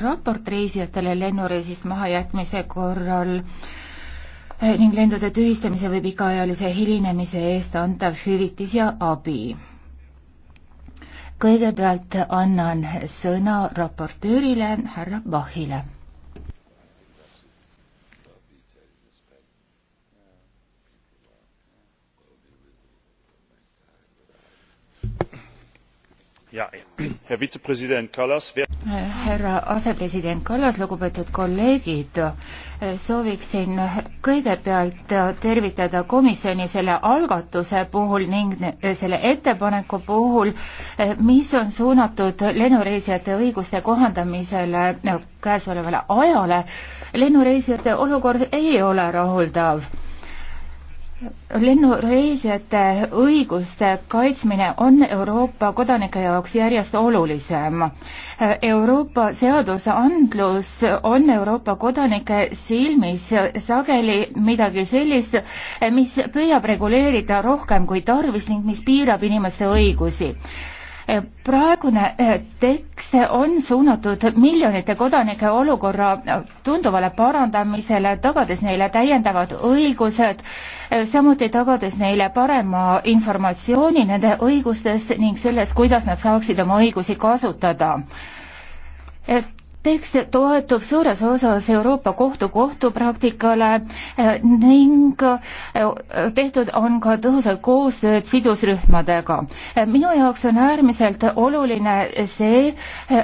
raport reisijatele lennureisist mahajätmise korral eh, ning lendude tühistamise või pikaajalise hilinemise eest antav hüvitis ja abi. kõigepealt annan sõna raportöörile härra Bachile härra asepresident Kallas, lugupeetud kolleegid, sooviksin kõigepealt tervitada komisjoni selle algatuse puhul ning selle ettepaneku puhul, mis on suunatud lennureisijate õiguste kohandamisele käesolevale ajale. lennureisijate olukord ei ole rahuldav lennureisijate õiguste kaitsmine on Euroopa kodanike jaoks järjest olulisem. Euroopa seadusandlus on Euroopa kodanike silmis sageli midagi sellist, mis püüab reguleerida rohkem kui tarvis ning mis piirab inimeste õigusi praegune tekst on suunatud miljonite kodanike olukorra tunduvale parandamisele, tagades neile täiendavad õigused Äh, samuti tagades neile parema informatsiooni nende õigustest ning sellest, kuidas nad saaksid oma õigusi kasutada. et tekst toetub suures osas Euroopa Kohtu kohtupraktikale eh, ning eh, tehtud on ka tõhusat koostööd sidusrühmadega. Eh, minu jaoks on äärmiselt oluline see,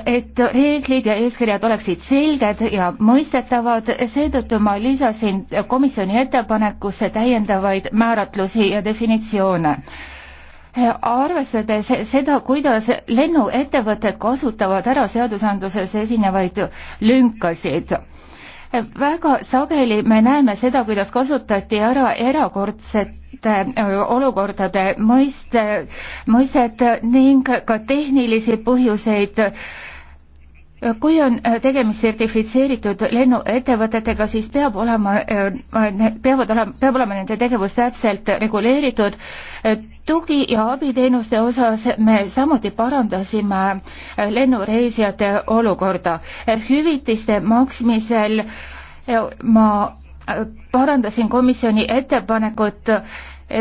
et reeglid ja eeskirjad oleksid selged ja mõistetavad, seetõttu ma lisasin komisjoni ettepanekusse täiendavaid määratlusi ja definitsioone arvestades seda, kuidas lennuettevõtted kasutavad ära seadusandluses esinevaid lünkasid väga sageli me näeme seda, kuidas kasutati ära erakordsete olukordade mõiste, mõistet ning ka tehnilisi põhjuseid Äh, kui on äh, tegemist sertifitseeritud lennuettevõtetega, siis peab olema, äh, peavad olema, peab olema nende tegevus täpselt reguleeritud. tugi- ja abiteenuste osas me samuti parandasime lennureisijate olukorda. hüvitiste maksmisel ma parandasin komisjoni ettepanekut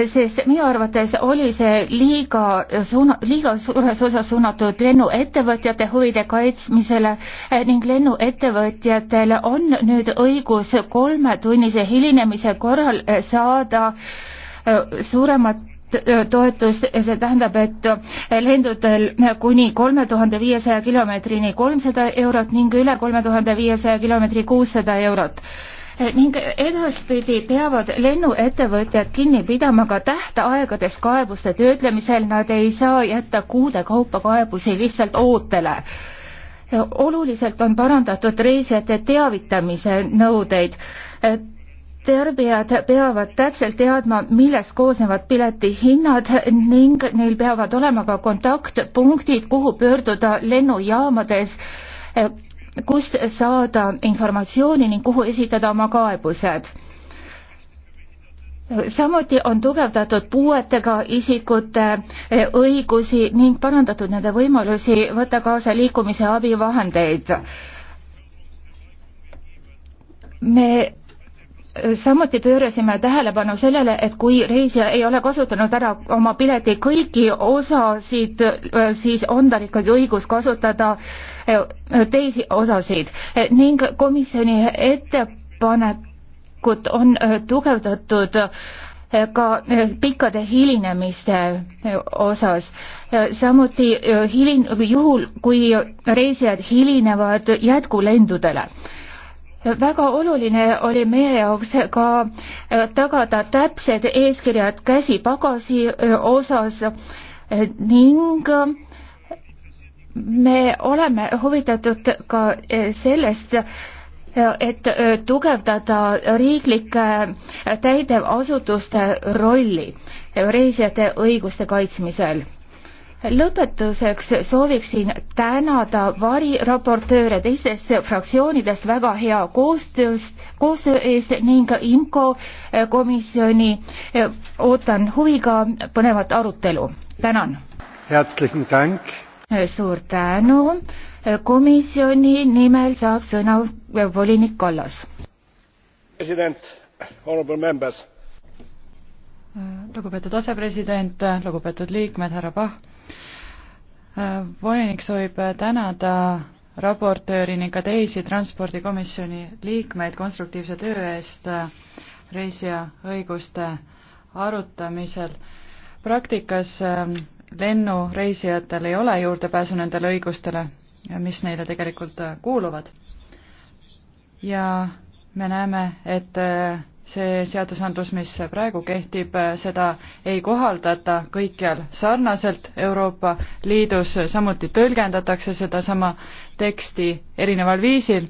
sest minu arvates oli see liiga suuna-, liiga suures osas suunatud lennuettevõtjate huvide kaitsmisele eh, ning lennuettevõtjatel on nüüd õigus kolmetunnise hilinemise korral eh, saada eh, suuremat toetust, see tähendab, et lendudel kuni kolme tuhande viiesaja kilomeetrini kolmsada eurot ning üle kolme tuhande viiesaja kilomeetri kuussada eurot Eh, ning edaspidi peavad lennuettevõtjad kinni pidama ka tähtaegadest kaebuste töötlemisel, nad ei saa jätta kuude kaupa kaebusi lihtsalt ootele eh, oluliselt on parandatud reisijate teavitamise nõudeid. Eh, tarbijad peavad täpselt teadma, millest koosnevad piletihinnad ning neil peavad olema ka kontaktpunktid, kuhu pöörduda lennujaamades kust saada informatsiooni ning kuhu esitada oma kaebused. samuti on tugevdatud puuetega isikute eh, õigusi ning parandatud nende võimalusi võtta kaasa liikumise abivahendeid. me eh, samuti pöörasime tähelepanu sellele, et kui reisija ei ole kasutanud ära oma pileti kõiki osasid, eh, siis on tal ikkagi õigus kasutada äh, teisi osasid ning komisjoni ettepanekut on äh, tugevdatud äh, ka äh, pikkade hilinemiste osas. samuti hilin-, juhul, kui reisijad hilinevad jätkulendudele väga oluline oli meie jaoks ka tagada täpsed eeskirjad käsipagasi osas ning me oleme huvitatud ka e, sellest, e, et e, tugevdada riiklike täidevasutuste rolli reisijate õiguste kaitsmisel lõpetuseks sooviksin tänada variraportööre teistest fraktsioonidest väga hea koostööst, koostöö eest ning IMCO komisjoni ootan huviga põnevat arutelu. tänan suur tänu. komisjoni nimel saab sõna volinik Kallas. president, honorable members. lugupeetud asepresident, lugupeetud liikmed, härra Pah. volinik soovib tänada raportööri ning ka teisi Transpordikomisjoni liikmeid konstruktiivse töö eest reisija õiguste arutamisel. praktikas ähm, lennureisijatel ei ole juurdepääsu nendele õigustele, mis neile tegelikult äh, kuuluvad. ja me näeme, et äh, see seadusandlus, mis praegu kehtib, äh, seda ei kohaldata kõikjal sarnaselt Euroopa Liidus, samuti tõlgendatakse sedasama teksti erineval viisil.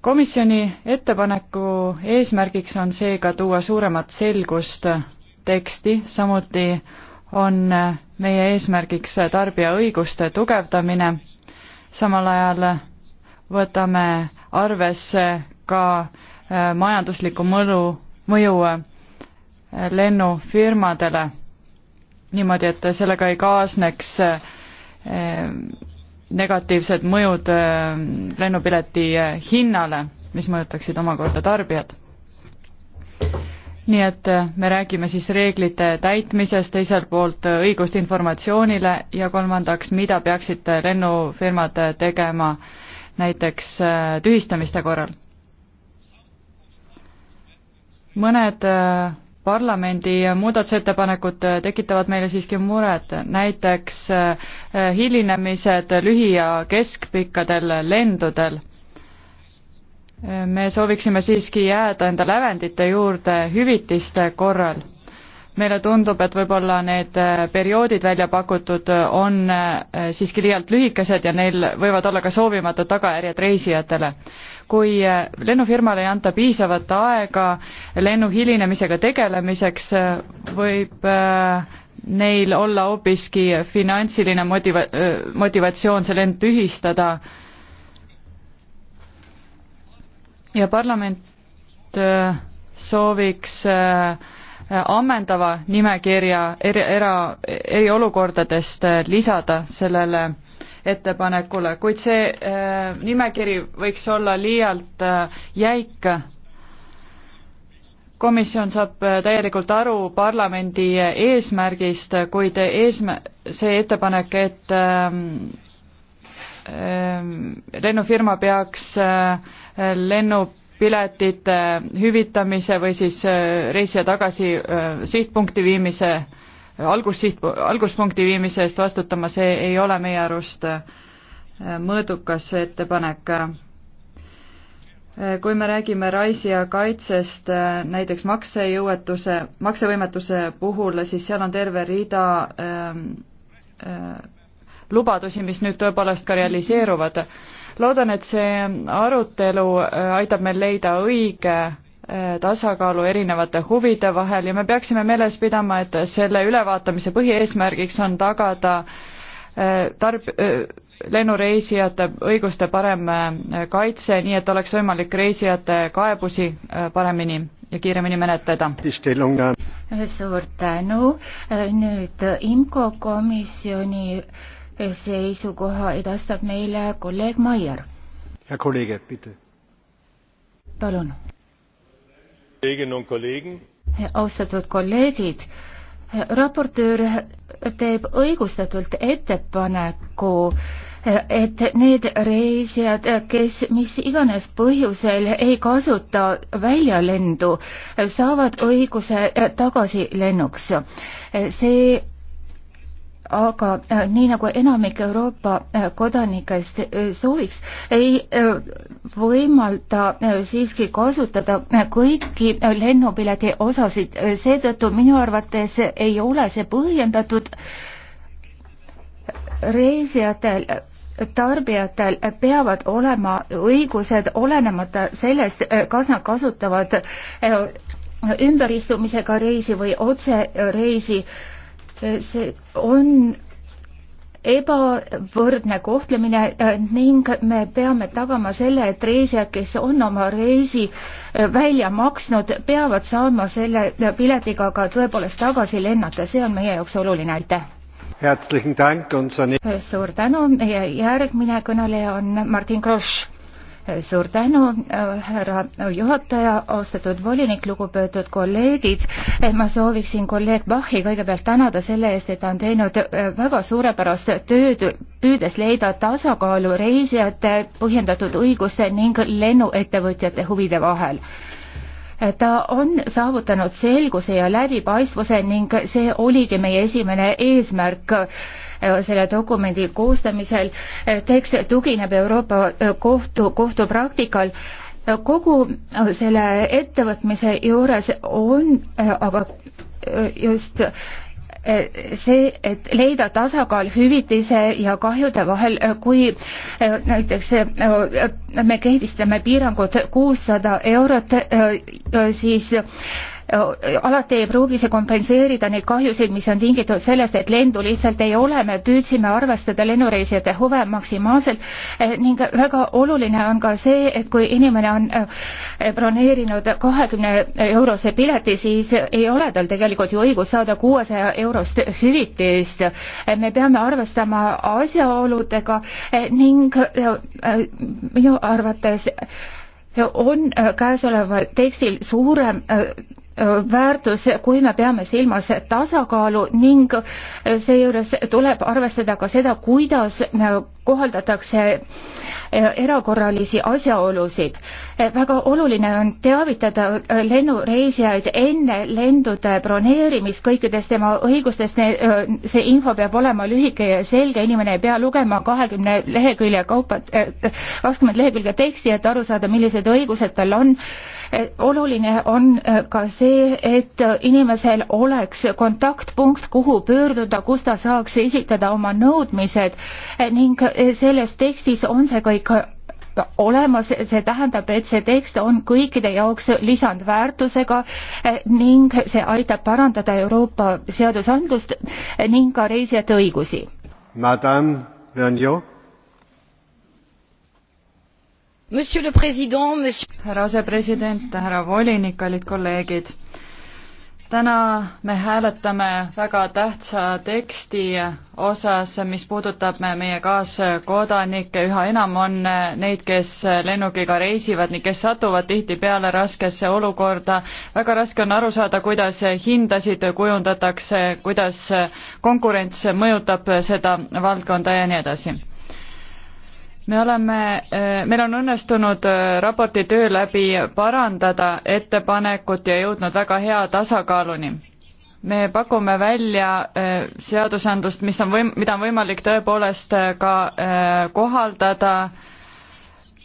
komisjoni ettepaneku eesmärgiks on seega tuua suuremat selgust teksti, samuti on meie eesmärgiks tarbija õiguste tugevdamine, samal ajal võtame arvesse ka äh, majanduslikku mõju, mõju äh, lennufirmadele, niimoodi et sellega ei kaasneks äh, negatiivsed mõjud lennupileti hinnale, mis mõjutaksid omakorda tarbijad nii et äh, me räägime siis reeglite täitmisest, teiselt poolt äh, õigust informatsioonile ja kolmandaks, mida peaksid äh, lennufirmad tegema näiteks tühistamiste korral. mõned parlamendi muudatusettepanekud tekitavad meile siiski muret, näiteks hilinemised lühi- ja keskpikkadel lendudel me sooviksime siiski jääda enda lävendite juurde hüvitiste korral. meile tundub, et võib-olla need äh, perioodid välja pakutud on äh, siiski liialt lühikesed ja neil võivad olla ka soovimatud tagajärjed reisijatele. kui äh, lennufirmale ei anta piisavat aega lennu hilinemisega tegelemiseks, võib neil olla hoopiski finantsiline motiva-, motivatsioon see lend tühistada ja parlament äh, sooviks äh, ammendava nimekirja eri, era, eriolukordadest äh, lisada sellele ettepanekule, kuid see äh, nimekiri võiks olla liialt äh, jäik. komisjon saab täielikult aru parlamendi eesmärgist, kuid eesmä-, see ettepanek, et äh, lennufirma peaks äh, lennupiletite hüvitamise või siis äh, reisija tagasi äh, sihtpunkti viimise, algussiht, alguspunkti viimise eest vastutama, see ei ole meie arust äh, mõõdukas ettepanek. kui me räägime raisija kaitsest näiteks maksejõuetuse, maksevõimetuse puhul, siis seal on terve rida ähm, äh, lubadusi, mis nüüd tõepoolest ka realiseeruvad loodan, et see arutelu äh, aitab meil leida õige äh, tasakaalu erinevate huvide vahel ja me peaksime meeles pidama, et selle ülevaatamise põhieesmärgiks on tagada äh, tarb-, lennureisijate õiguste parem kaitse, nii et oleks võimalik reisijate kaebusi paremini ja kiiremini menetleda. suur tänu, nüüd IMCO komisjoni seisukoha edastab meile kolleeg Maier. Herr Kollege, bitte. palun. austatud kolleegid, raportöör teeb õigustatult ettepaneku et need reisijad, kes mis iganes põhjusel ei kasuta väljalendu, saavad õiguse tagasilennuks. see aga äh, nii nagu enamik Euroopa äh, kodanikest äh, sooviks, ei võimalda siiski kasutada kõiki lennupileti osasid, seetõttu minu arvates ei ole see põhjendatud reisijatel tarbijatel peavad olema õigused olenemata sellest, kas nad kasutavad ümberistumisega reisi või otsereisi äh, see on ebavõrdne kohtlemine äh, ning me peame tagama selle, et reisijad, kes on oma reisi äh, välja maksnud, peavad saama selle äh, piletiga ka tõepoolest tagasi lennata, see on meie jaoks oluline, aitäh! suur tänu, meie järgmine kõneleja on Martin Grosch suur tänu, härra juhataja, austatud volinik, lugupeetud kolleegid. ma sooviksin kolleeg Bachi kõigepealt tänada selle eest, et ta on teinud väga suurepärast tööd, püüdes leida tasakaalu reisijate põhjendatud õiguste ning lennuettevõtjate huvide vahel ta on saavutanud selguse ja läbipaistvuse ning see oligi meie esimene eesmärk Äh, selle dokumendi koostamisel. Äh, tekst tugineb Euroopa äh, Kohtu, kohtupraktikal kogu selle ettevõtmise juures on aga just see, et leida tasakaal hüvitise ja kahjude vahel, kui näiteks me kehtestame piirangud kuussada eurot, siis Äh, alati ei pruugi see kompenseerida neid kahjusid, mis on tingitud sellest, et lendu lihtsalt ei ole, me püüdsime arvestada lennureisijate huve maksimaalselt äh, ning väga oluline on ka see, et kui inimene on äh, broneerinud kahekümne eurose pileti, siis ei ole tal tegelikult ju õigus saada kuuesaja eurost hüvitist. me peame arvestama asjaoludega ning minu arvates on käesoleval tekstil suurem väärtus, kui me peame silmas tasakaalu ning seejuures tuleb arvestada ka seda, kuidas kohaldatakse erakorralisi asjaolusid. väga oluline on teavitada lennureisijaid enne lendude broneerimist kõikidest tema õigustest, see info peab olema lühike ja selge, inimene ei pea lugema kahekümne lehekülje kaupa, äh, kakskümmend lehekülge teksti, et aru saada, millised õigused tal on oluline on äh, ka see, et inimesel oleks kontaktpunkt, kuhu pöörduda, kus ta saaks esitada oma nõudmised äh, ning äh, selles tekstis on see kõik olemas, see tähendab, et see tekst on kõikide jaoks lisandväärtusega ning see aitab parandada Euroopa seadusandlust ning ka reisijate õigusi. Madame Verniot härra asepresident, härra volinik, kallid kolleegid. täna me hääletame väga tähtsa teksti osas, mis puudutab meie kaaskodanikke, üha enam on neid, kes lennukiga reisivad ning kes satuvad tihtipeale raskesse olukorda. väga raske on aru saada, kuidas hindasid kujundatakse, kuidas konkurents mõjutab seda valdkonda ja nii edasi me oleme, eh, meil on õnnestunud eh, raporti töö läbi parandada ettepanekut ja jõudnud väga hea tasakaaluni. me pakume välja eh, seadusandlust, mis on võim-, mida on võimalik tõepoolest ka kohaldada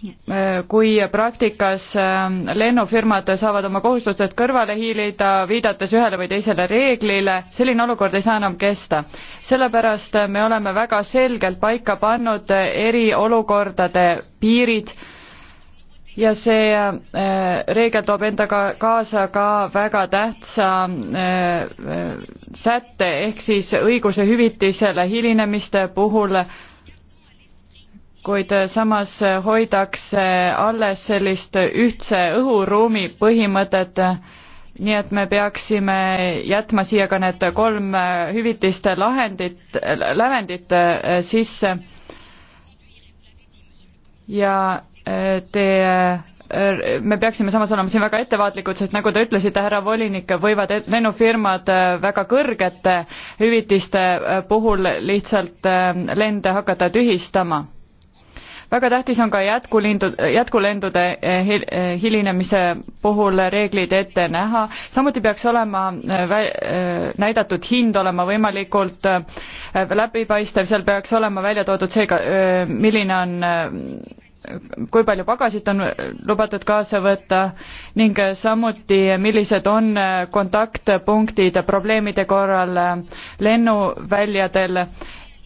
Äh, kui praktikas ähm, lennufirmad saavad oma kohustustest kõrvale hiilida, viidates ühele või teisele reeglile, selline olukord ei saa enam kesta. sellepärast me oleme väga selgelt paika pannud eriolukordade piirid ja see äh, reegel toob endaga kaasa ka väga tähtsa äh, sätte, ehk siis õiguse hüvitisele hilinemiste puhul kuid äh, samas äh, hoidakse alles sellist ühtse õhuruumi põhimõtet, nii et me peaksime jätma siia ka need kolm äh, hüvitiste lahendit, lävendit sisse. ja te, me peaksime samas olema siin väga ettevaatlikud, sest nagu te ütlesite, härra volinik, võivad lennufirmad väga kõrgete hüvitiste puhul lihtsalt lende hakata tühistama väga tähtis on ka jätkulindu, jätkulendude eh, hil, eh, hilinemise puhul reeglid ette näha, samuti peaks olema eh, vä-, näidatud hind olema võimalikult läbipaistev, seal peaks olema välja toodud see, milline on kui palju pagasit on lubatud kaasa võtta ning samuti, millised on kontaktpunktid probleemide korral lennuväljadel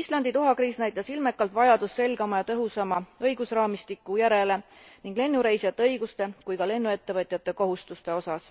islandi doha kriis näitas ilmekalt vajadust selgema ja tõhusama õigusraamistiku järele nii lennureisijate õiguste kui ka lennuettevõtjate kohustuste osas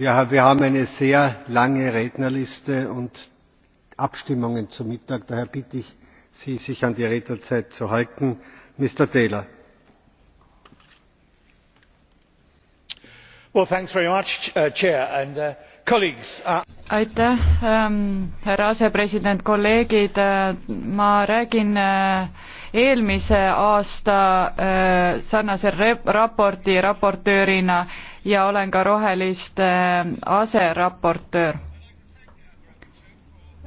Ja, wir haben eine sehr lange rednerliste und abstimmungen zu mittag daher bitte ich sie sich an die redezeit zu halten. mr taylor. Well, thanks very much, uh, Chair, and, uh, colleagues. Uh... aitäh ähm, härra asepresident kolleegid äh, ma räägin äh, eelmise aasta äh, sarnase raporti raportöörina ja olen ka Roheliste äh, aseraportöör,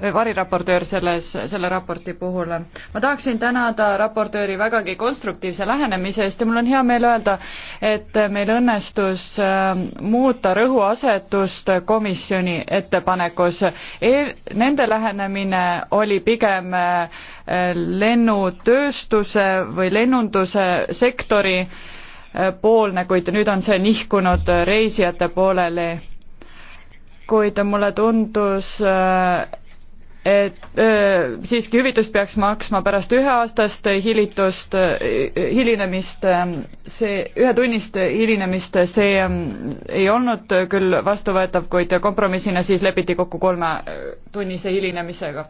äh, variraportöör selles, selle raporti puhul. ma tahaksin tänada raportööri vägagi konstruktiivse lähenemise eest ja mul on hea meel öelda, et meil õnnestus äh, muuta rõhuasetust komisjoni ettepanekus e. Nende lähenemine oli pigem lennutööstuse või lennunduse sektori äh, poolne, kuid nüüd on see nihkunud reisijate pooleli. kuid mulle tundus, et öö, äh, siiski hüvitust peaks maksma pärast üheaastast hilitust, hilinemist, see, ühetunnist hilinemist, see ähm, ei olnud küll vastuvõetav, kuid kompromissina siis lepiti kokku kolmetunnise hilinemisega.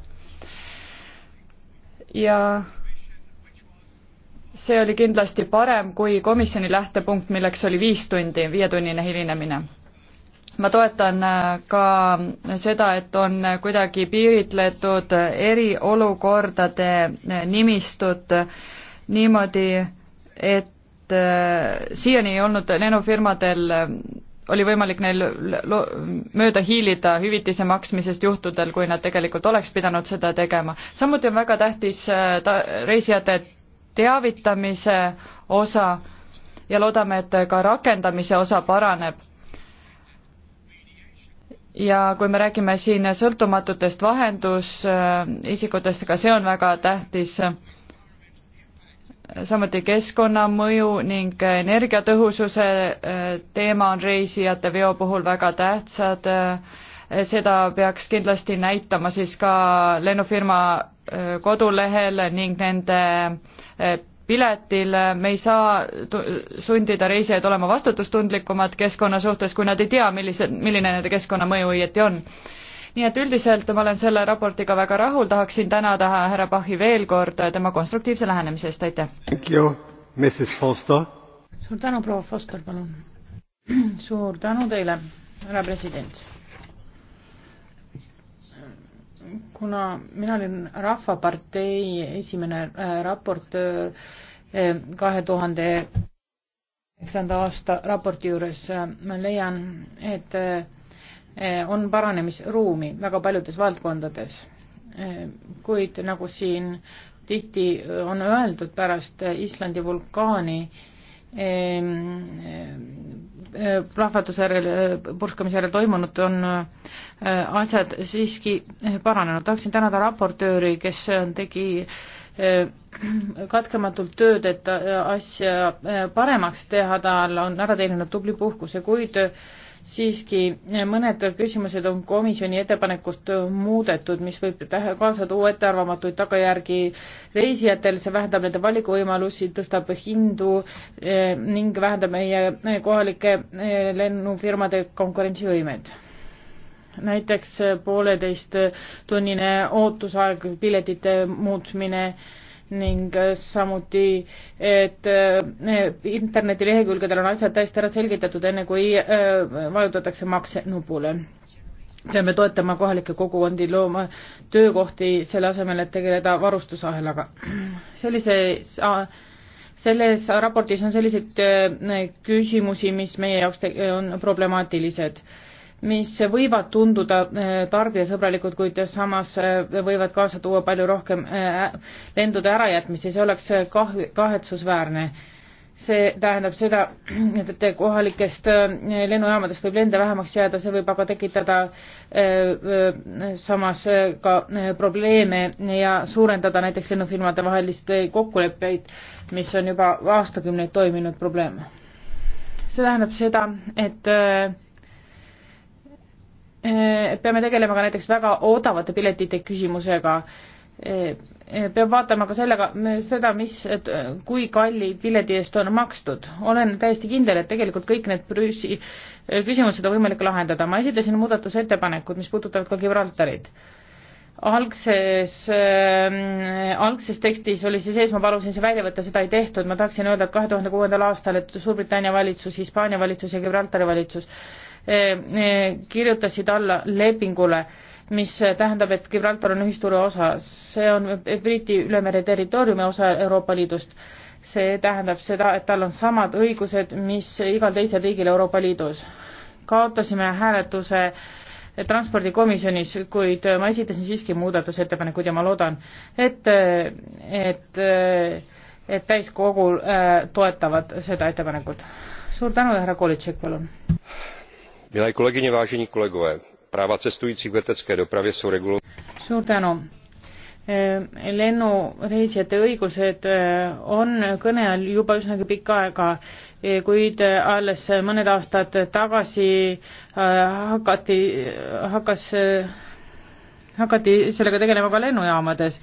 ja see oli kindlasti parem kui komisjoni lähtepunkt, milleks oli viis tundi, viietunnine hilinemine. ma toetan äh, ka seda, et on kuidagi piiritletud eriolukordade äh, nimistud niimoodi, et äh, siiani ei olnud lennufirmadel oli võimalik neil lo-, mööda hiilida hüvitise maksmisest juhtudel, kui nad tegelikult oleks pidanud seda tegema. samuti on väga tähtis ta-, reisijate teavitamise osa ja loodame, et ka rakendamise osa paraneb. ja kui me räägime siin sõltumatutest vahendusisikutest, ka see on väga tähtis, samuti keskkonnamõju ning energiatõhususe äh, teema on reisijate veo puhul väga tähtsad, äh, seda peaks kindlasti näitama siis ka lennufirma äh, kodulehel ning nende Eh, piletil, eh, me ei saa sundida reisijaid olema vastutustundlikumad keskkonna suhtes, kui nad ei tea, millised, milline nende keskkonnamõju õieti on. nii et üldiselt ma olen selle raportiga väga rahul, tahaksin tänada härra Bachi veel kord tema konstruktiivse lähenemise eest, aitäh! suur tänu, proua Foster, palun! suur tänu teile, härra president! kuna mina olin Rahvapartei esimene äh, raportöör äh, kahe tuhande üheksanda aasta raporti juures, äh, ma leian, et on paranemisruumi väga paljudes valdkondades. kuid nagu siin tihti on öeldud pärast Islandi vulkaani ehm, Äh, plahvatuse järel, äh, purskamise järel toimunud, on äh, asjad siiski paranenud. tahaksin tänada raportööri, kes tegi katkematult tööd, et asja paremaks teha, tal on ära teeninud tubli puhkuse, kuid siiski mõned küsimused on komisjoni ettepanekust muudetud, mis võib tähe, kaasa tuua ettearvamatuid tagajärgi reisijatel, see vähendab nende valikuvõimalusi, tõstab hindu eh, ning vähendab meie kohalike eh, lennufirmade konkurentsivõimet. näiteks eh, pooleteisttunnine ootusaeg, piletite muutmine eh,, ning äh, samuti, et äh, internetilehekülgedel on asjad täiesti ära selgitatud, enne kui äh, vajutatakse maksenupule. peame toetama kohalikke kogukondi, looma töökohti, selle asemel, et tegeleda varustusahelaga. sellise selles raportis on selliseid küsimusi, mis meie jaoks on problemaatilised mis võivad tunduda eh, tarbijasõbralikud, kuid samas eh, võivad kaasa tuua palju rohkem eh, lendude ärajätmisi, see oleks kah-, kahetsusväärne. see tähendab seda, et kohalikest lennujaamadest võib lende vähemaks jääda, see võib aga tekitada samas ka probleeme ja suurendada näiteks lennufirmade vahelist kokkuleppeid, mis on juba aastakümneid toiminud probleem. see tähendab seda, et Eh, peame tegelema ka näiteks väga odavate piletite küsimusega. Eh, eh, peab vaatama ka sellega, seda, mis, kui kalli pileti eest on makstud. olen täiesti kindel, et tegelikult kõik need prüsi, küsimused on võimalik lahendada. ma esitasin muudatusettepanekud, mis puudutavad ka Gibraltarit algses äh,, algses tekstis oli see sees, ma palusin see välja võtta, seda ei tehtud, ma tahaksin öelda, et kahe tuhande kuuendal aastal, et Suurbritannia valitsus, Hispaania valitsus ja Gibraltari valitsus äh, Eh, eh, kirjutasid alla lepingule, mis tähendab, et Gibraltar on ühisturu osa, see on Briti ülemere territooriumi osa Euroopa Liidust. see tähendab seda, et tal on samad õigused, mis igal teisel riigil Euroopa Liidus. kaotasime hääletuse transpordikomisjonis, kuid ma esitasin siiski muudatusettepanekuid ja ma loodan, et, et, et täiskogul äh, toetavad seda ettepanekut. suur tänu ja härra Kolitšek, palun milé kolegyně vážení kolegové práva cestujících v letecké dopravě jsou regulována eh, lennureisijate õigused eh, on kõne all juba üsnagi pikka aega, eh, kuid alles mõned aastad tagasi hakati, hakkas, hakati sellega tegelema ka lennujaamades.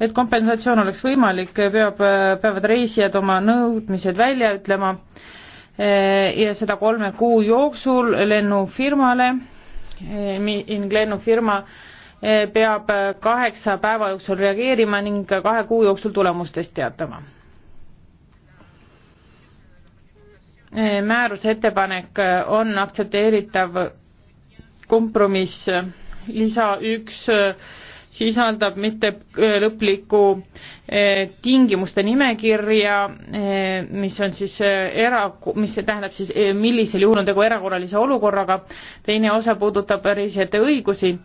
et kompensatsioon oleks võimalik, peab, peavad reisijad oma nõudmised välja ütlema Eh, ja seda kolme kuu jooksul lennufirmale ning eh, lennufirma eh, peab kaheksa päeva jooksul reageerima ning kahe kuu jooksul tulemustest teatama. määruse ettepanek on aktsepteeritav kompromiss lisa üks sisaldab mitte äh, lõplikku äh, tingimuste nimekirja, äh, mis on siis era-, mis tähendab siis, millisel juhul on tegu erakorralise olukorraga, teine osa puudutab reisijate õigusi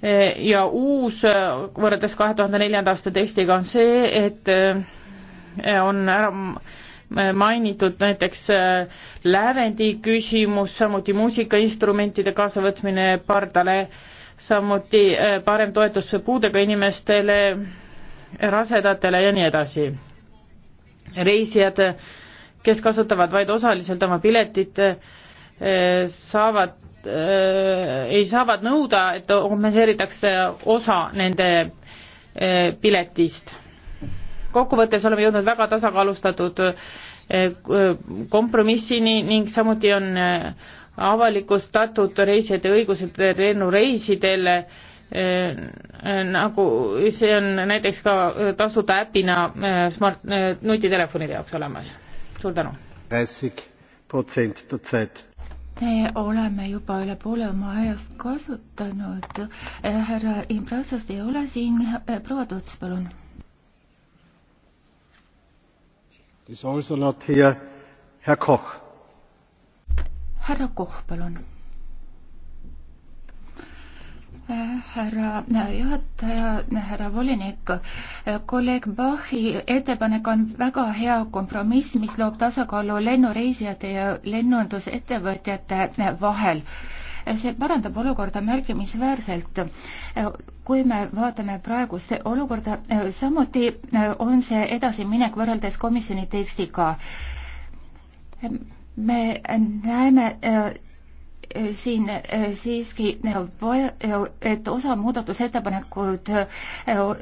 ja uus võrreldes kahe tuhande neljanda aasta tekstiga on see, et on ära mainitud näiteks lävendi küsimus, samuti muusikainstrumentide kaasavõtmine pardale äh, samuti äh, parem toetus puudega inimestele, rasedatele ja nii edasi. reisijad, kes kasutavad vaid osaliselt oma piletit, äh, saavad, äh, ei saavat nõuda, et kompenseeritakse osa nende piletist. kokkuvõttes oleme jõudnud väga tasakaalustatud kompromissini ning samuti on avalikustatud reisijate õigused lennureisidele, eh, nagu see on näiteks ka tasuta äpina eh, smart, eh, nutitelefonide jaoks olemas. suur tänu! me oleme juba üle poole oma ajast kasutanud. härra Imbrasast ei ole siin, proua Toots, palun. Is also not here, herr Koch härra Koh, palun. Äh, härra äh, juhataja, äh, härra volinik, kolleeg Bachi ettepanek on väga hea kompromiss, mis loob tasakaalu lennureisijate ja lennundusettevõtjate vahel see parandab olukorda märkimisväärselt. kui me vaatame praegust olukorda, samuti on see edasiminek võrreldes komisjoni tekstiga me näeme äh, äh, siin äh, siiski, et osa muudatusettepanekud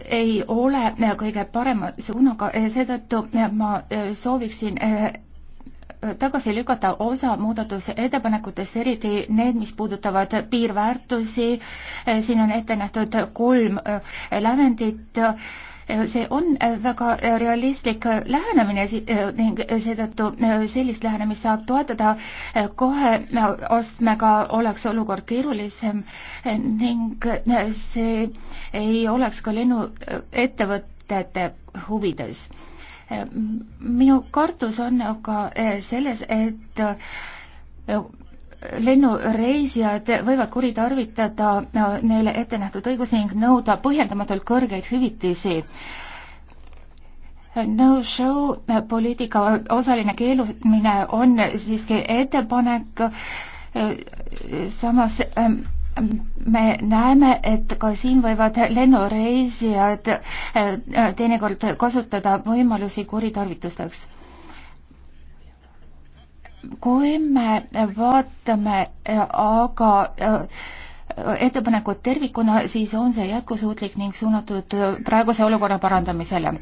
ei ole kõige parema suunaga, seetõttu ma sooviksin tagasi lükata osa muudatusettepanekutest, eriti need, mis puudutavad piirväärtusi. siin on ette nähtud kolm lävendit see on äh, väga äh, realistlik äh, lähenemine ning seetõttu sellist lähenemist saab toetada. kohe astmega oleks olukord keerulisem ning see ei oleks ka lennuettevõtete huvides. minu kartus on aga selles, et lennureisijad võivad kuritarvitada äh, neile ette nähtud õigusi ning nõuda põhjendamatult kõrgeid hüvitisi no-show äh, poliitika osaline keelumine on siiski ettepanek. Äh, samas ähm, me näeme, et ka siin võivad lennureisijad teinekord kasutada võimalusi kuritarvitusteks kui me vaatame äh, aga äh, ettepanekut tervikuna, siis on see jätkusuutlik ning suunatud äh, praeguse olukorra parandamisele.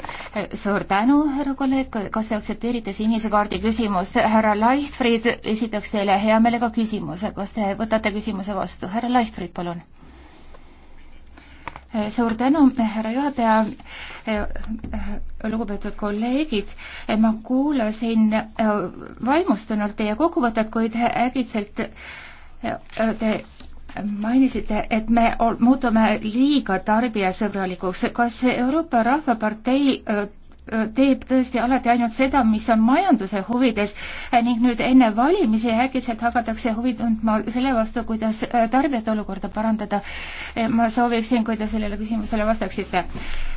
suur tänu, härra kolleeg, kas te aktsepteerite sinise kaardi küsimust? härra Leichtfried esitaks teile hea meelega küsimuse, kas te võtate küsimuse vastu? härra Leichtfried, palun Eh, suur tänu, härra juhataja. Eh, eh, lugupeetud kolleegid, ma kuulasin vaimustunult teie kokkuvõtet, kuid äkitselt te mainisite, et me muutume liiga tarbijasõbralikuks. kas Euroopa Rahvapartei teeb tõesti alati ainult seda, mis on majanduse huvides ning nüüd enne valimisi äkitselt hakatakse huvi tundma selle vastu, kuidas äh, tarbijate olukorda parandada. Äh, ma sooviksin, kui te sellele küsimusele vastaksite.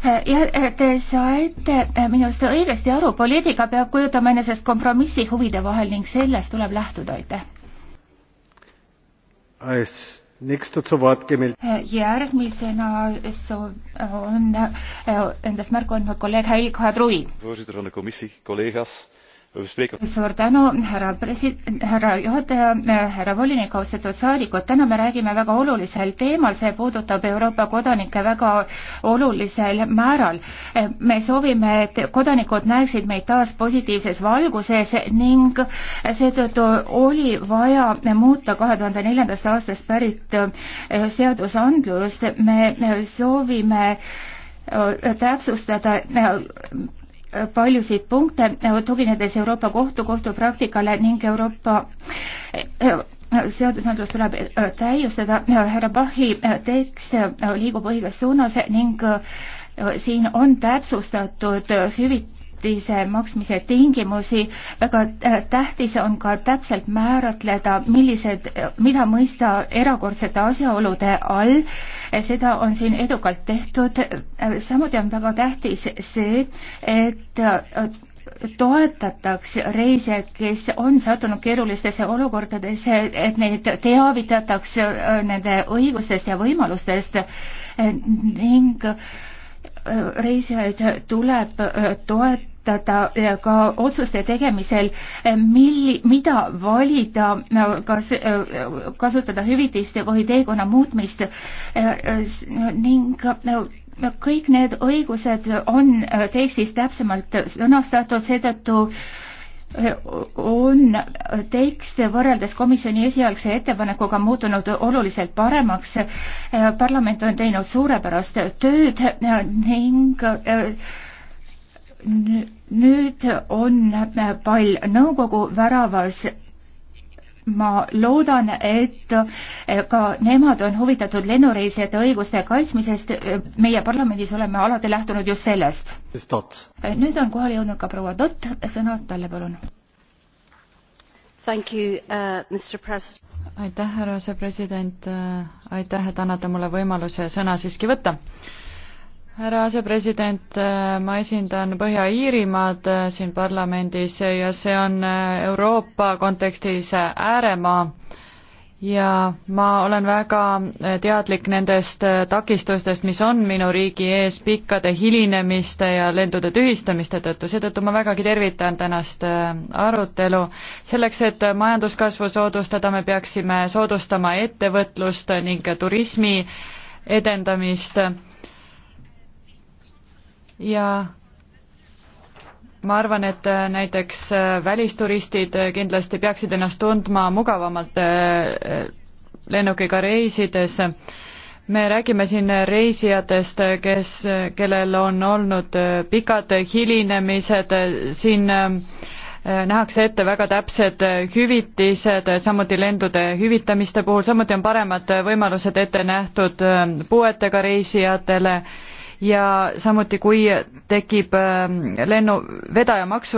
Äh, ja te saite minust õigesti aru, poliitika peab kujutama enesest kompromissi huvide vahel ning sellest tuleb lähtuda, aitäh. Äh, järgmisena äh, on äh, endast märku andnud kolleeg Heili Kadri suur tänu, härra president, härra juhataja, härra volinik, austatud saadikud, täna me räägime väga olulisel teemal, see puudutab Euroopa kodanikke väga olulisel määral. me soovime, et kodanikud näeksid meid taas positiivses valguses ning seetõttu oli vaja muuta kahe tuhande neljandast aastast pärit äh, seadusandlust, me soovime äh, täpsustada äh, paljusid punkte, tuginedes Euroopa Kohtu kohtupraktikale ning Euroopa eh, eh, seadusandlus tuleb eh, täiustada, härra Bachi tekst liigub õiges suunas ning siin on täpsustatud hüvit-, hüvitise maksmise tingimusi. väga äh, tähtis on ka täpselt määratleda, millised, mida mõista erakordsete asjaolude all. seda on siin edukalt tehtud. Äh, samuti on väga tähtis see, et äh, toetataks reisijaid, kes on sattunud keerulistesse olukordadesse, et neid teavitataks nende õigustest ja võimalustest ning äh, reisijaid tuleb äh, toetada äh, ka otsuste tegemisel, äh, milli-, mida valida, kas kasutada hüvitist või teekonna muutmist ning kõik need õigused on tekstis täpsemalt sõnastatud, seetõttu on tekst võrreldes komisjoni esialgse ettepanekuga muutunud oluliselt paremaks. parlament on teinud suurepärast tööd ning äh, nüüd on pall nõukogu väravas ma loodan, et eh, ka nemad on huvitatud lennureisijate õiguste kaitsmisest. Eh, meie parlamendis oleme alati lähtunud just sellest. Eh, nüüd on kohale jõudnud ka proua Dott, sõna talle, palun. Uh, aitäh, härra asepresident, aitäh, et annate mulle võimaluse sõna siiski võtta härra asepresident, äh, ma esindan Põhja-Iirimaad äh, siin parlamendis ja see on äh, Euroopa kontekstis ääremaa ja ma olen väga teadlik nendest takistustest, mis on minu riigi ees pikkade hilinemiste ja lendude tühistamiste tõttu, seetõttu ma vägagi tervitan tänast arutelu. selleks, et majanduskasvu soodustada, me peaksime soodustama ettevõtlust ning turismi edendamist ja ma arvan, et äh, näiteks äh, välisturistid äh, kindlasti peaksid ennast tundma mugavamalt lennukiga reisides. me räägime siin reisijatest, kes, kellel on olnud pikad hilinemised, siin ähm, nähakse ette väga täpsed hüvitised, samuti lendude hüvitamiste puhul, samuti on paremad võimalused ette nähtud puuetega reisijatele ja samuti, kui tekib ähm, lennuvedaja maksu,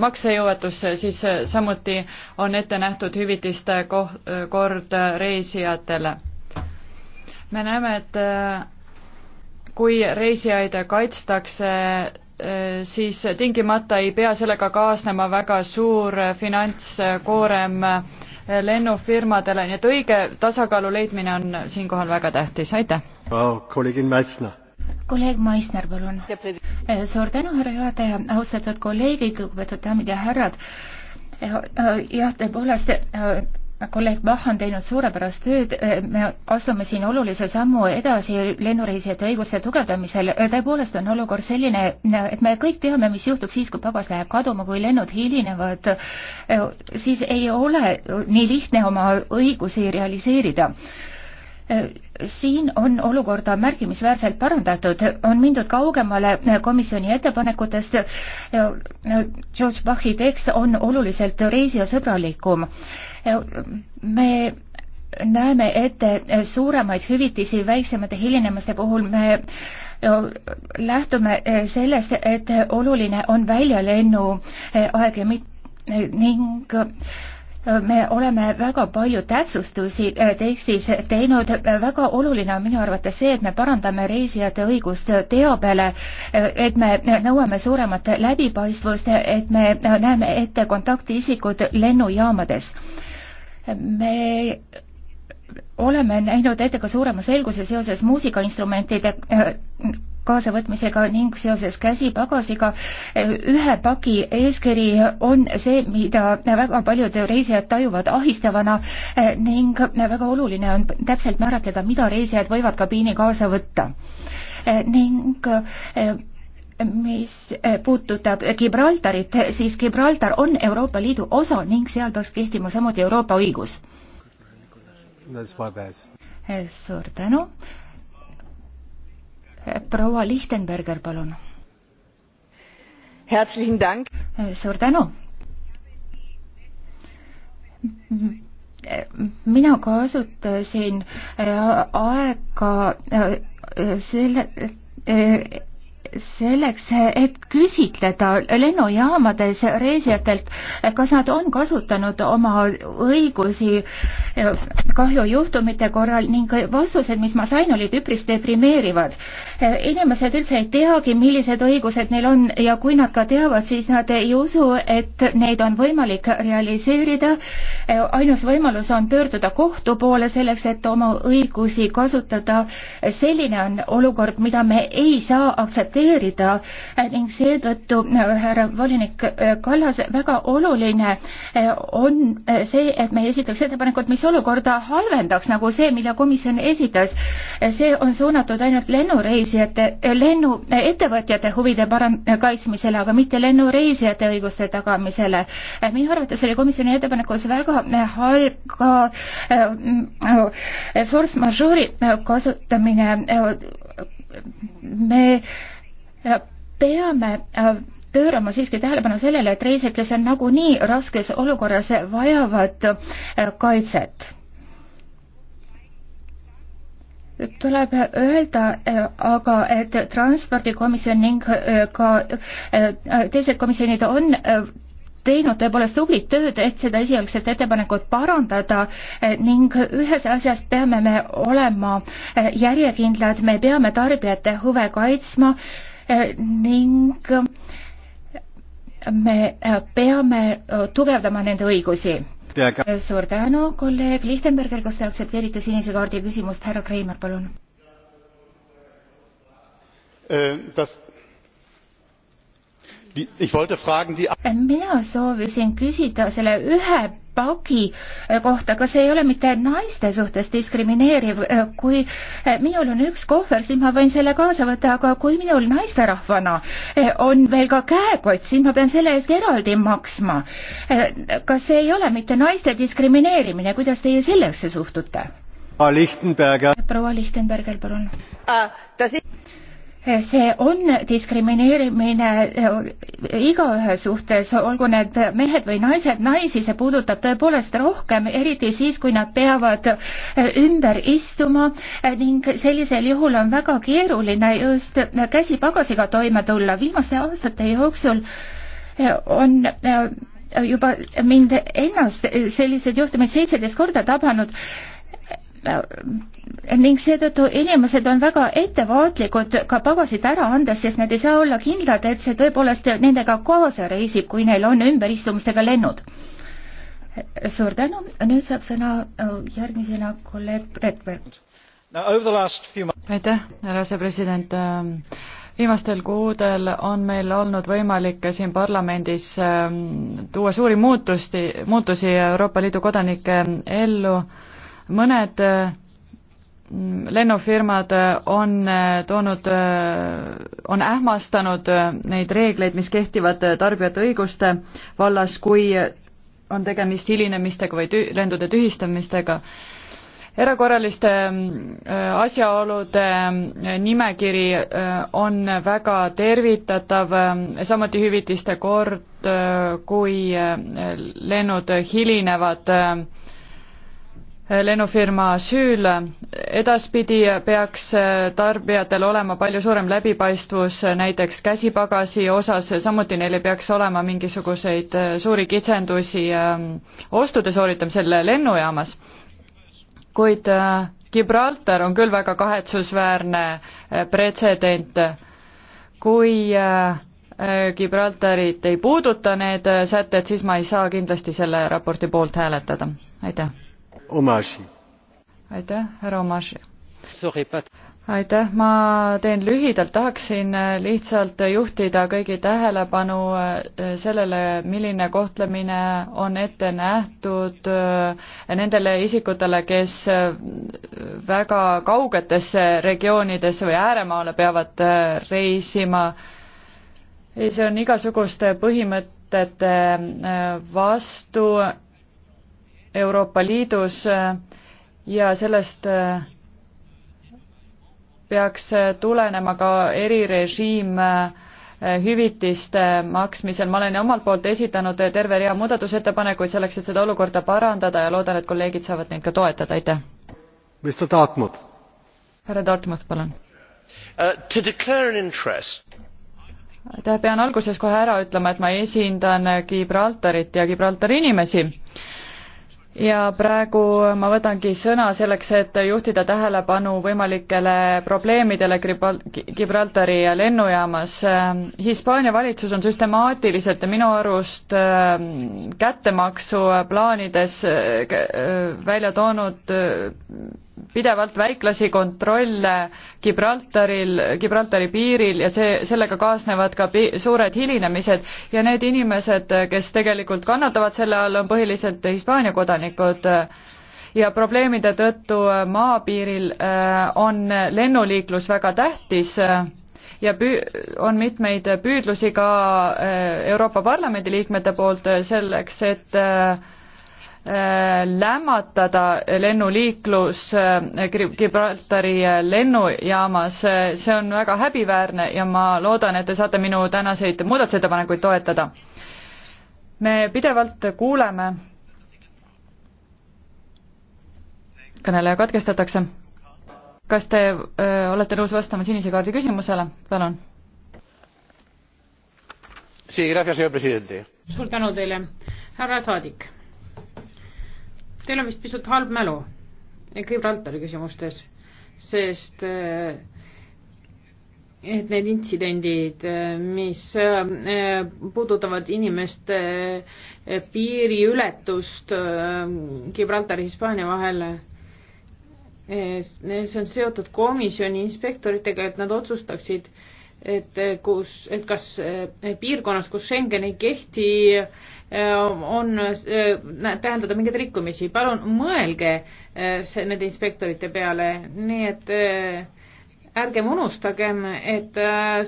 maksejõuetus, siis äh, samuti on ette nähtud hüvitiste äh, koh-, äh, kord reisijatele. me näeme, et kui reisijaid kaitstakse siis tingimata ei pea sellega kaasnema väga suur finantskoorem lennufirmadele, nii et õige tasakaalu leidmine on siinkohal väga tähtis, aitäh. kolleeg Maisner, palun. suur tänu, härra juhataja, austatud kolleegid, lugupeetud daamid ja härrad. jah, tõepoolest kolleeg Bach on teinud suurepärast tööd, me astume siin olulise sammu edasi lennureisijate õiguste tugevdamisel. tõepoolest on olukord selline, et me kõik teame, mis juhtub siis, kui pagas läheb kaduma, kui lennud hilinevad, siis ei ole nii lihtne oma õigusi realiseerida Äh, siin on olukorda märkimisväärselt parandatud, on mindud kaugemale äh, komisjoni ettepanekutest. Äh, George Bachi tekst on oluliselt reisijasõbralikum. me näeme ette suuremaid hüvitisi väiksemate hilinemiste puhul, me lähtume sellest, et oluline on väljalennu aeg ja mit-, ning me oleme väga palju täpsustusi äh, tekstis teinud, väga oluline on minu arvates see, et me parandame reisijate õigust teabele, äh, et me nõuame suuremat läbipaistvust, et me näeme ette kontaktisikud lennujaamades. me oleme näinud ette ka suurema selguse seoses muusikainstrumentide äh, kaasavõtmisega ning seoses käsipagasiga. ühe pagi eeskiri on see, mida väga paljud reisijad tajuvad ahistavana ning väga oluline on täpselt määratleda, mida reisijad võivad kabiini kaasa võtta. ning mis puudutab Gibraltarit, siis Gibraltar on Euroopa Liidu osa ning seal peaks kehtima samuti Euroopa õigus. suur tänu proua Lichtenberger, palun. suur tänu. mina kasutasin äh, aega äh, selle äh, selleks, et küsitleda lennujaamades reisijatelt, kas nad on kasutanud oma õigusi kahjujuhtumite korral ning vastused, mis ma sain, olid üpris deprimeerivad. inimesed üldse ei teagi, millised õigused neil on ja kui nad ka teavad, siis nad ei usu, et neid on võimalik realiseerida. ainus võimalus on pöörduda kohtu poole selleks, et oma õigusi kasutada. selline on olukord, mida me ei saa aktsepteerida reageerida ning seetõttu, härra volinik Kallas, väga oluline eh, on eh, see, et me esitaks ettepanekud, mis olukorda halvendaks, nagu see, mille komisjon esitas. Eh, see on suunatud ainult lennureisijate, lennuettevõtjate huvide paran-, kaitsmisele, aga mitte lennureisijate õiguste tagamisele. minu arvates oli komisjoni ettepanekus väga halb ka force majeure'i kasutamine me Äh, peame äh, pöörama siiski tähelepanu sellele, et reisijad, kes on nagunii raskes olukorras, vajavad äh, kaitset tuleb öelda aga, et transpordikomisjon ning ka teised komisjonid on teinud tõepoolest tublit tööd, et seda esialgset ettepanekut parandada ning ühes asjas peame me olema järjekindlad, me peame tarbijate huve kaitsma Eh, ning eh, me eh, peame tugevdama nende õigusi. suur tänu, kolleeg Lichtenberger, kas te aktsepteerite sinise kaardi küsimust, härra Kreimer, palun? mina soovisin küsida selle ühe pagi eh, kohta, kas ei ole mitte naiste suhtes diskrimineeriv, eh, kui eh, minul on üks kohver, siis ma võin selle kaasa võtta, aga kui minul naisterahvana on veel ka käekott, siis ma pean selle eest eraldi maksma. kas see ei ole mitte naiste diskrimineerimine, kuidas teie sellesse suhtute? proua Lichtenberger, palun uh, see on diskrimineerimine eh, igaühe suhtes, olgu need mehed või naised, naisi see puudutab tõepoolest rohkem, eriti siis, kui nad peavad eh, ümber istuma eh, ning sellisel juhul on väga keeruline just käsipagasiga toime tulla. viimaste aastate jooksul on juba mind ennast sellised juhtumid seitseteist korda tabanud Äh, ning seetõttu inimesed on väga ettevaatlikud ka pagasid ära andes, sest nad ei saa olla kindlad, et see tõepoolest nendega kaasa reisib, kui neil on ümberistumistega lennud. suur tänu, nüüd saab sõna äh, järgmisena kolleeg Bredberg. aitäh, härra asepresident ähm, viimastel kuudel on meil olnud võimalik siin parlamendis ähm, tuua suuri muutusti, muutusi Euroopa Liidu kodanike ellu mõned äh, lennufirmad äh, on äh, toonud, on ähmastanud neid reegleid, mis kehtivad tarbijate õiguste vallas, kui on tegemist hilinemistega või tü-, lendude tühistamistega. erakorraliste ähm, asjaolude nimekiri on väga tervitatav, ähm, samuti hüvitiste kord, kui lennud hilinevad ähm, lennufirma Süül. edaspidi peaks äh, tarbijatel olema palju suurem läbipaistvus äh, näiteks käsipagasi osas, samuti neil ei peaks olema mingisuguseid äh, suuri kitsendusi ostude sooritamisel lennujaamas. kuid Gibraltar on küll väga kahetsusväärne pretsedent, kui Gibraltarit ei puuduta need sätted, siis ma ei saa kindlasti selle raporti poolt hääletada, aitäh aitäh, härra Omaši. aitäh, ma teen lühidalt, tahaksin äh, lihtsalt juhtida kõigi tähelepanu äh, sellele, milline kohtlemine on ette nähtud äh, nendele isikutele, kes väga kaugetesse regioonidesse või ääremaale peavad reisima. ei, see on igasuguste põhimõtete vastu Euroopa Liidus äh, ja sellest äh, peaks äh, tulenema ka erirežiim hüvitiste maksmisel. ma olen omalt poolt esitanud terve rea muudatusettepanekuid selleks, et seda olukorda parandada ja loodan, et kolleegid saavad neid ka toetada, aitäh. härra Dartmouth, palun uh,. aitäh, pean alguses kohe ära ütlema, et ma esindan Gibraltarit ja Gibraltari inimesi ja praegu ma võtangi sõna selleks, et juhtida tähelepanu võimalikele probleemidele Gibraltari lennujaamas. Hispaania valitsus on süstemaatiliselt ja minu arust ähm, kättemaksu plaanides äh, äh, välja toonud äh, pidevalt väiklasi kontrolle Gibraltaril, Gibraltari piiril ja see, sellega kaasnevad ka pi-, suured hilinemised ja need inimesed, kes tegelikult kannatavad selle all, on põhiliselt Hispaania kodanikud ja probleemide tõttu äh, maapiiril äh, on lennuliiklus väga tähtis äh, ja püü-, on mitmeid püüdlusi ka Euroopa Parlamendi liikmete poolt selleks, et Äh, lämmatada lennuliiklus äh, Gibraltari äh, lennujaamas, see on väga häbiväärne ja ma loodan, et te saate minu tänaseid muudatusettepanekuid toetada. me pidevalt kuuleme kõneleja katkestatakse. kas te öö, olete nõus vastama sinise kaardi küsimusele, palun? suur tänu teile, härra saadik Teil on vist pisut halb mälu Gibraltari küsimustes, sest äh, et need intsidendid, äh, mis äh, puudutavad inimeste piiriületust Gibraltari, Hispaania vahel, see on seotud komisjoni inspektoritega, et nad otsustaksid, et kus, et kas piirkonnas, kus Schengen ei kehti, Äh, on, äh, tähendada mingeid rikkumisi. palun mõelge äh, nende inspektorite peale, nii et ärgem unustagem, et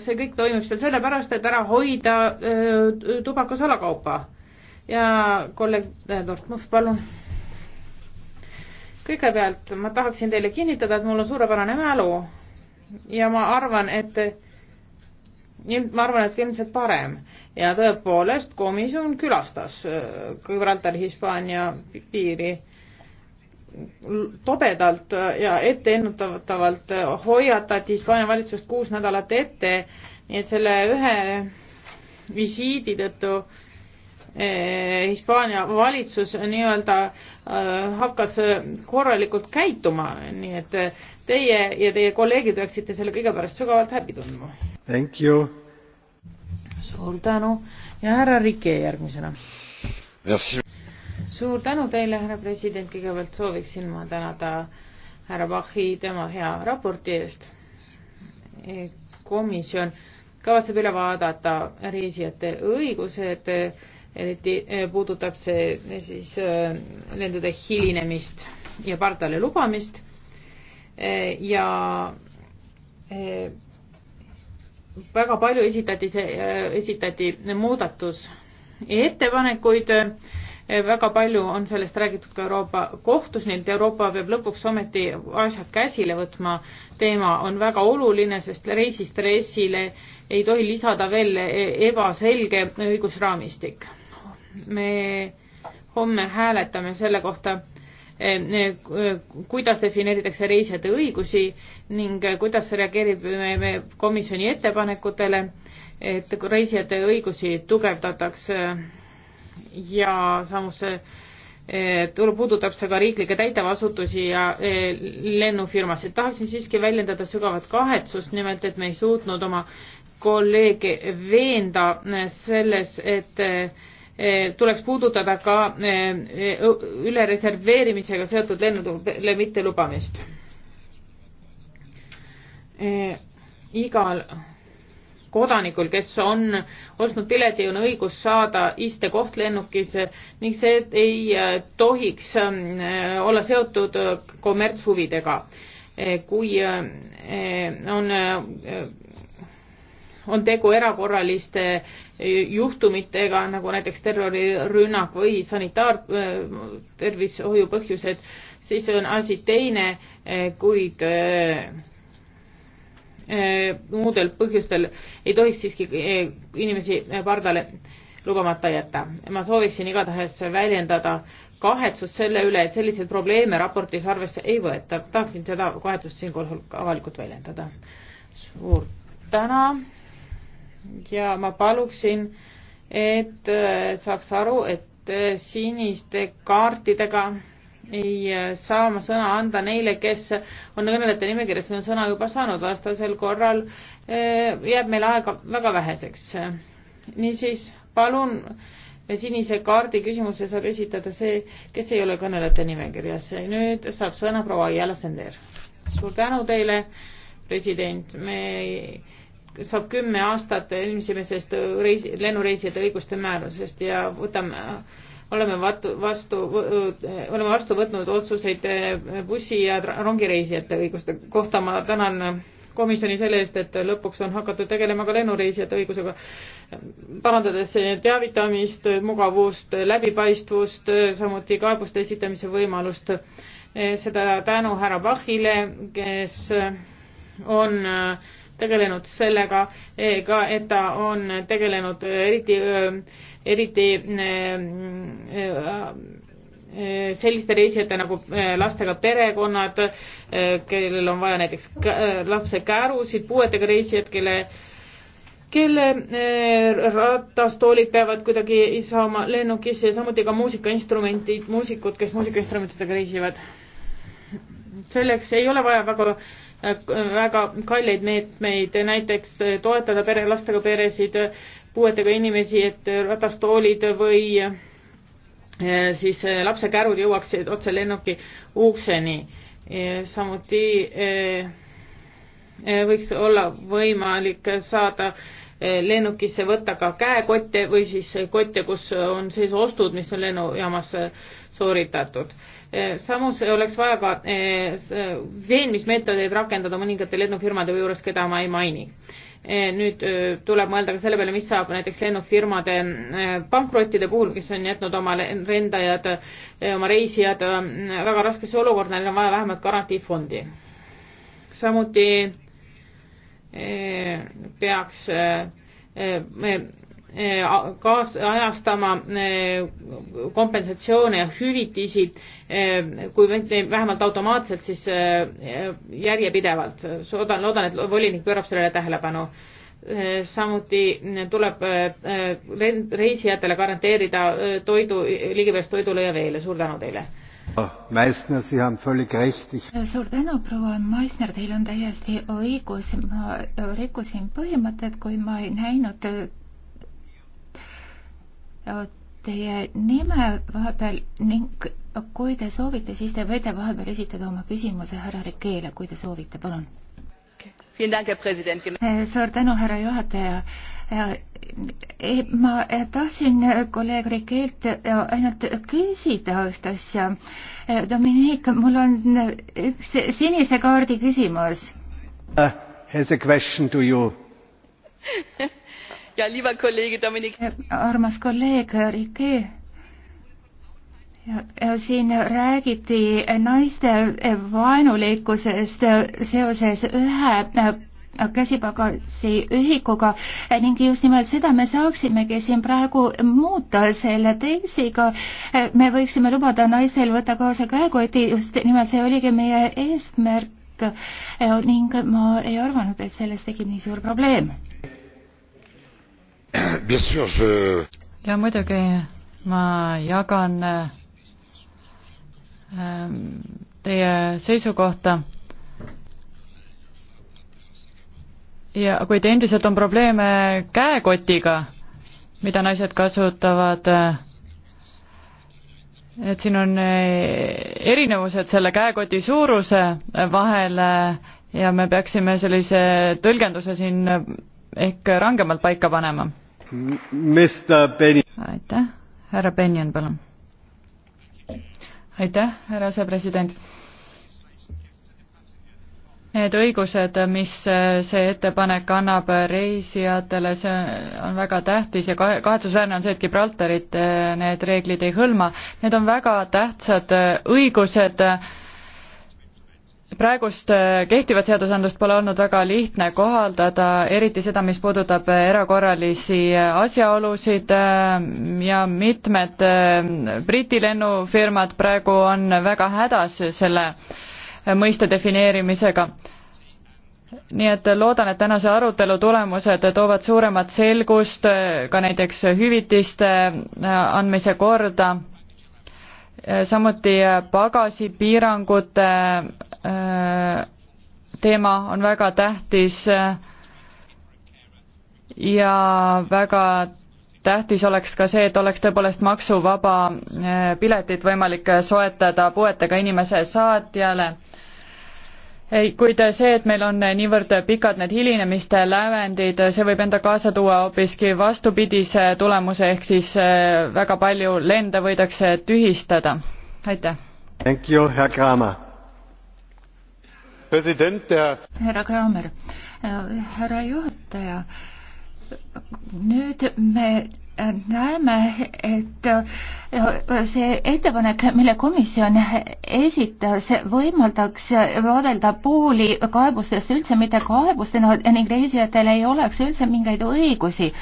see kõik toimib seal sellepärast, et ära hoida tubakasalakaupa. ja kolleeg Dortmund, palun kõigepealt ma tahaksin teile kinnitada, et mul on suurepärane mälu ja ma arvan, et ma arvan, et ilmselt parem ja tõepoolest komisjon külastas äh, Gibraltari Hispaania piiri tobedalt äh, ja etteennutavalt äh, hoiatati Hispaania valitsust kuus nädalat ette, nii et selle ühe visiidi tõttu Hispaania valitsus nii-öelda hakkas korralikult käituma, nii et teie ja teie kolleegid peaksite selle kõige pärast sügavalt häbi tundma Thank you. suur tänu ja härra Rike järgmisena. suur tänu teile, härra president, kõigepealt sooviksin ma tänada härra Bachi tema hea raporti eest. komisjon kavatseb üle vaadata reisijate õigused, eriti eh, puudutab see eh, siis eh, lendude hilinemist ja pardale lubamist ja väga palju esitati see, äh, esitati muudatusettepanekuid, äh, väga palju on sellest räägitud ka Euroopa kohtus, nii et Euroopa peab lõpuks ometi asjad käsile võtma. teema on väga oluline, sest reisistressile ei tohi lisada veel e-, ebaselge õigusraamistik. me homme hääletame selle kohta Eh, eh, kuidas defineeritakse reisijate õigusi ning kuidas reageerib me komisjoni ettepanekutele, et reisijate õigusi tugevdataks ja samas eh, puudutab see ka riiklikke täitevasutusi ja lennufirmasid. tahaksin siiski väljendada sügavat kahetsust, nimelt et me ei suutnud oma kolleege veenda selles, et Eh, tuleks puudutada ka eh, ülereserveerimisega seotud lennule mittelubamist. Eh, igal kodanikul, kes on ostnud pileti, on õigus saada istekoht lennukis ning see ei tohiks olla seotud kommertshuvidega. kui on on tegu erakorraliste juhtumitega, nagu näiteks terrorirünnak või sanitaartervishoiu põhjused, siis on asi teine, kuid eh, eh, muudel põhjustel ei tohiks siiski eh, inimesi pardale lubamata jätta. ma sooviksin igatahes väljendada kahetsust selle üle, et selliseid probleeme raportis arvesse ei võeta. tahaksin seda kahetsust siinkohal avalikult väljendada. suur täna ja ma paluksin, et äh, saaks aru, et äh, siniste kaartidega ei äh, saa ma sõna anda neile, kes on õnnelate nimekirjas meil sõna juba saanud, vastasel korral jääb meil aega väga väheseks. niisiis, palun sinise kaardi küsimuse saab esitada see, kes ei ole kõnelejate nimekirjas. nüüd saab sõna proua Jala Sender. suur tänu teile, president, me saab kümme aastat esimesest reisi, lennureisijate õiguste määrusest ja võtame, oleme vatu, vastu, oleme vastu võtnud otsuseid eh, bussi ja rongireisijate õiguste kohta. ma tänan komisjoni selle eest, et lõpuks on hakatud tegelema ka lennureisijate õigusega, parandades teavitamist, mugavust, läbipaistvust, samuti kaebuste esitamise võimalust. Eh, seda tänu härra Bachile, kes on äh, tegelenud sellega ka, et ta on tegelenud eriti, eriti selliste reisijate nagu lastega perekonnad, kellel on vaja näiteks lapse kärusid, puuetega reisijad, kelle kelle ratastoolid peavad kuidagi saama lennukisse ja samuti ka muusikainstrumentid, muusikud, kes muusikainstrumentidega reisivad. selleks ei ole vaja väga väga kalleid meetmeid, näiteks toetada pere, lastega peresid, puuetega inimesi, et ratastoolid või eh, siis eh, lapsekärud jõuaksid otse lennuki ukseni. samuti eh, võiks olla võimalik saada lennukisse võtta ka käekotte või siis kotte, kus on sees ostud, mis on lennujaamas sooritatud samus oleks vaja ka eh, veenmismeetodeid rakendada mõningate lennufirmade juures, keda ma ei maini. Eh, nüüd eh, tuleb mõelda ka selle peale, mis saab näiteks lennufirmade pankrottide puhul, kes on jätnud oma rendajad, oma reisijad mm, väga raskesse olukorda, neil on vaja vähemalt garantiifondi. samuti peaks me Eh, kaasajastama eh, kompensatsioone ja hüvitisi, eh, kui vähemalt automaatselt, siis järjepidevalt. loodan, loodan, et volinik pöörab sellele tähelepanu. samuti tuleb reisijatele garanteerida toidu, ligipääs toidule ja veele. suur tänu teile ah, Meissner, Sie haben völlig recht. Ich Suur tänu, proua Meissner, teil on täiesti õigus. ma rikkusin põhimõtet, kui ma ei näinud teie nime vahepeal ning kui te soovite, siis te võite vahepeal esitada oma küsimuse härra Rikeele, kui te soovite, palun. Eh, suur tänu, härra juhataja eh, eh, ma tahtsin kolleeg Rikeelt ainult küsida üht asja. Dominique, mul on üks sinise kaardi küsimus uh,. Has a question to you ja lieber kolleeg Dominik. armas kolleeg Rike. siin räägiti naiste vaenulikkusest seoses ühe äh, käsipagasi ühikuga ning just nimelt seda me saaksimegi siin praegu muuta selle tekstiga. Äh, me võiksime lubada naistel võtta kaasa käekoti, just nimelt see oligi meie eesmärk äh, ning ma ei arvanud, et sellest tekib nii suur probleem. ja muidugi ma jagan ähm, teie seisukohta. ja kuid endiselt on probleeme käekotiga, mida naised kasutavad äh, et siin on äh, erinevused selle käekoti suuruse äh, vahel ja me peaksime sellise tõlgenduse siin ehk rangemalt paika panema aitäh, härra Benjon, palun. aitäh, härra asepresident. Need õigused, mis äh, see ettepanek annab reisijatele, see on väga tähtis ja kahetsusväärne on see, et Gibraltarit äh, need reeglid ei hõlma. Need on väga tähtsad äh, õigused praegust äh, kehtivat seadusandlust pole olnud väga lihtne kohaldada, eriti seda, mis puudutab äh, erakorralisi äh, asjaolusid ja mitmed Briti lennufirmad praegu on väga hädas selle mõiste defineerimisega. nii et loodan, et tänase arutelu tulemused toovad suuremat selgust ka näiteks hüvitiste andmise korda Äh, samuti äh, pagasipiirangute äh, teema on väga tähtis ja väga tähtis oleks ka see, et oleks tõepoolest maksuvaba piletit võimalik soetada puuetega inimese saatjale kuid see, et meil on niivõrd pikad need hilinemiste lävendid, see võib enda kaasa tuua hoopiski vastupidise tulemuse, ehk siis äh, väga palju lende võidakse tühistada. aitäh! härra Kramer, äh, härra juhataja, nüüd me näeme, et äh, see ettepanek, mille komisjon esitas, võimaldaks vaadelda pooli kaebustest üldse mitte kaebustena ning reisijatel ei oleks üldse mingeid õigusi.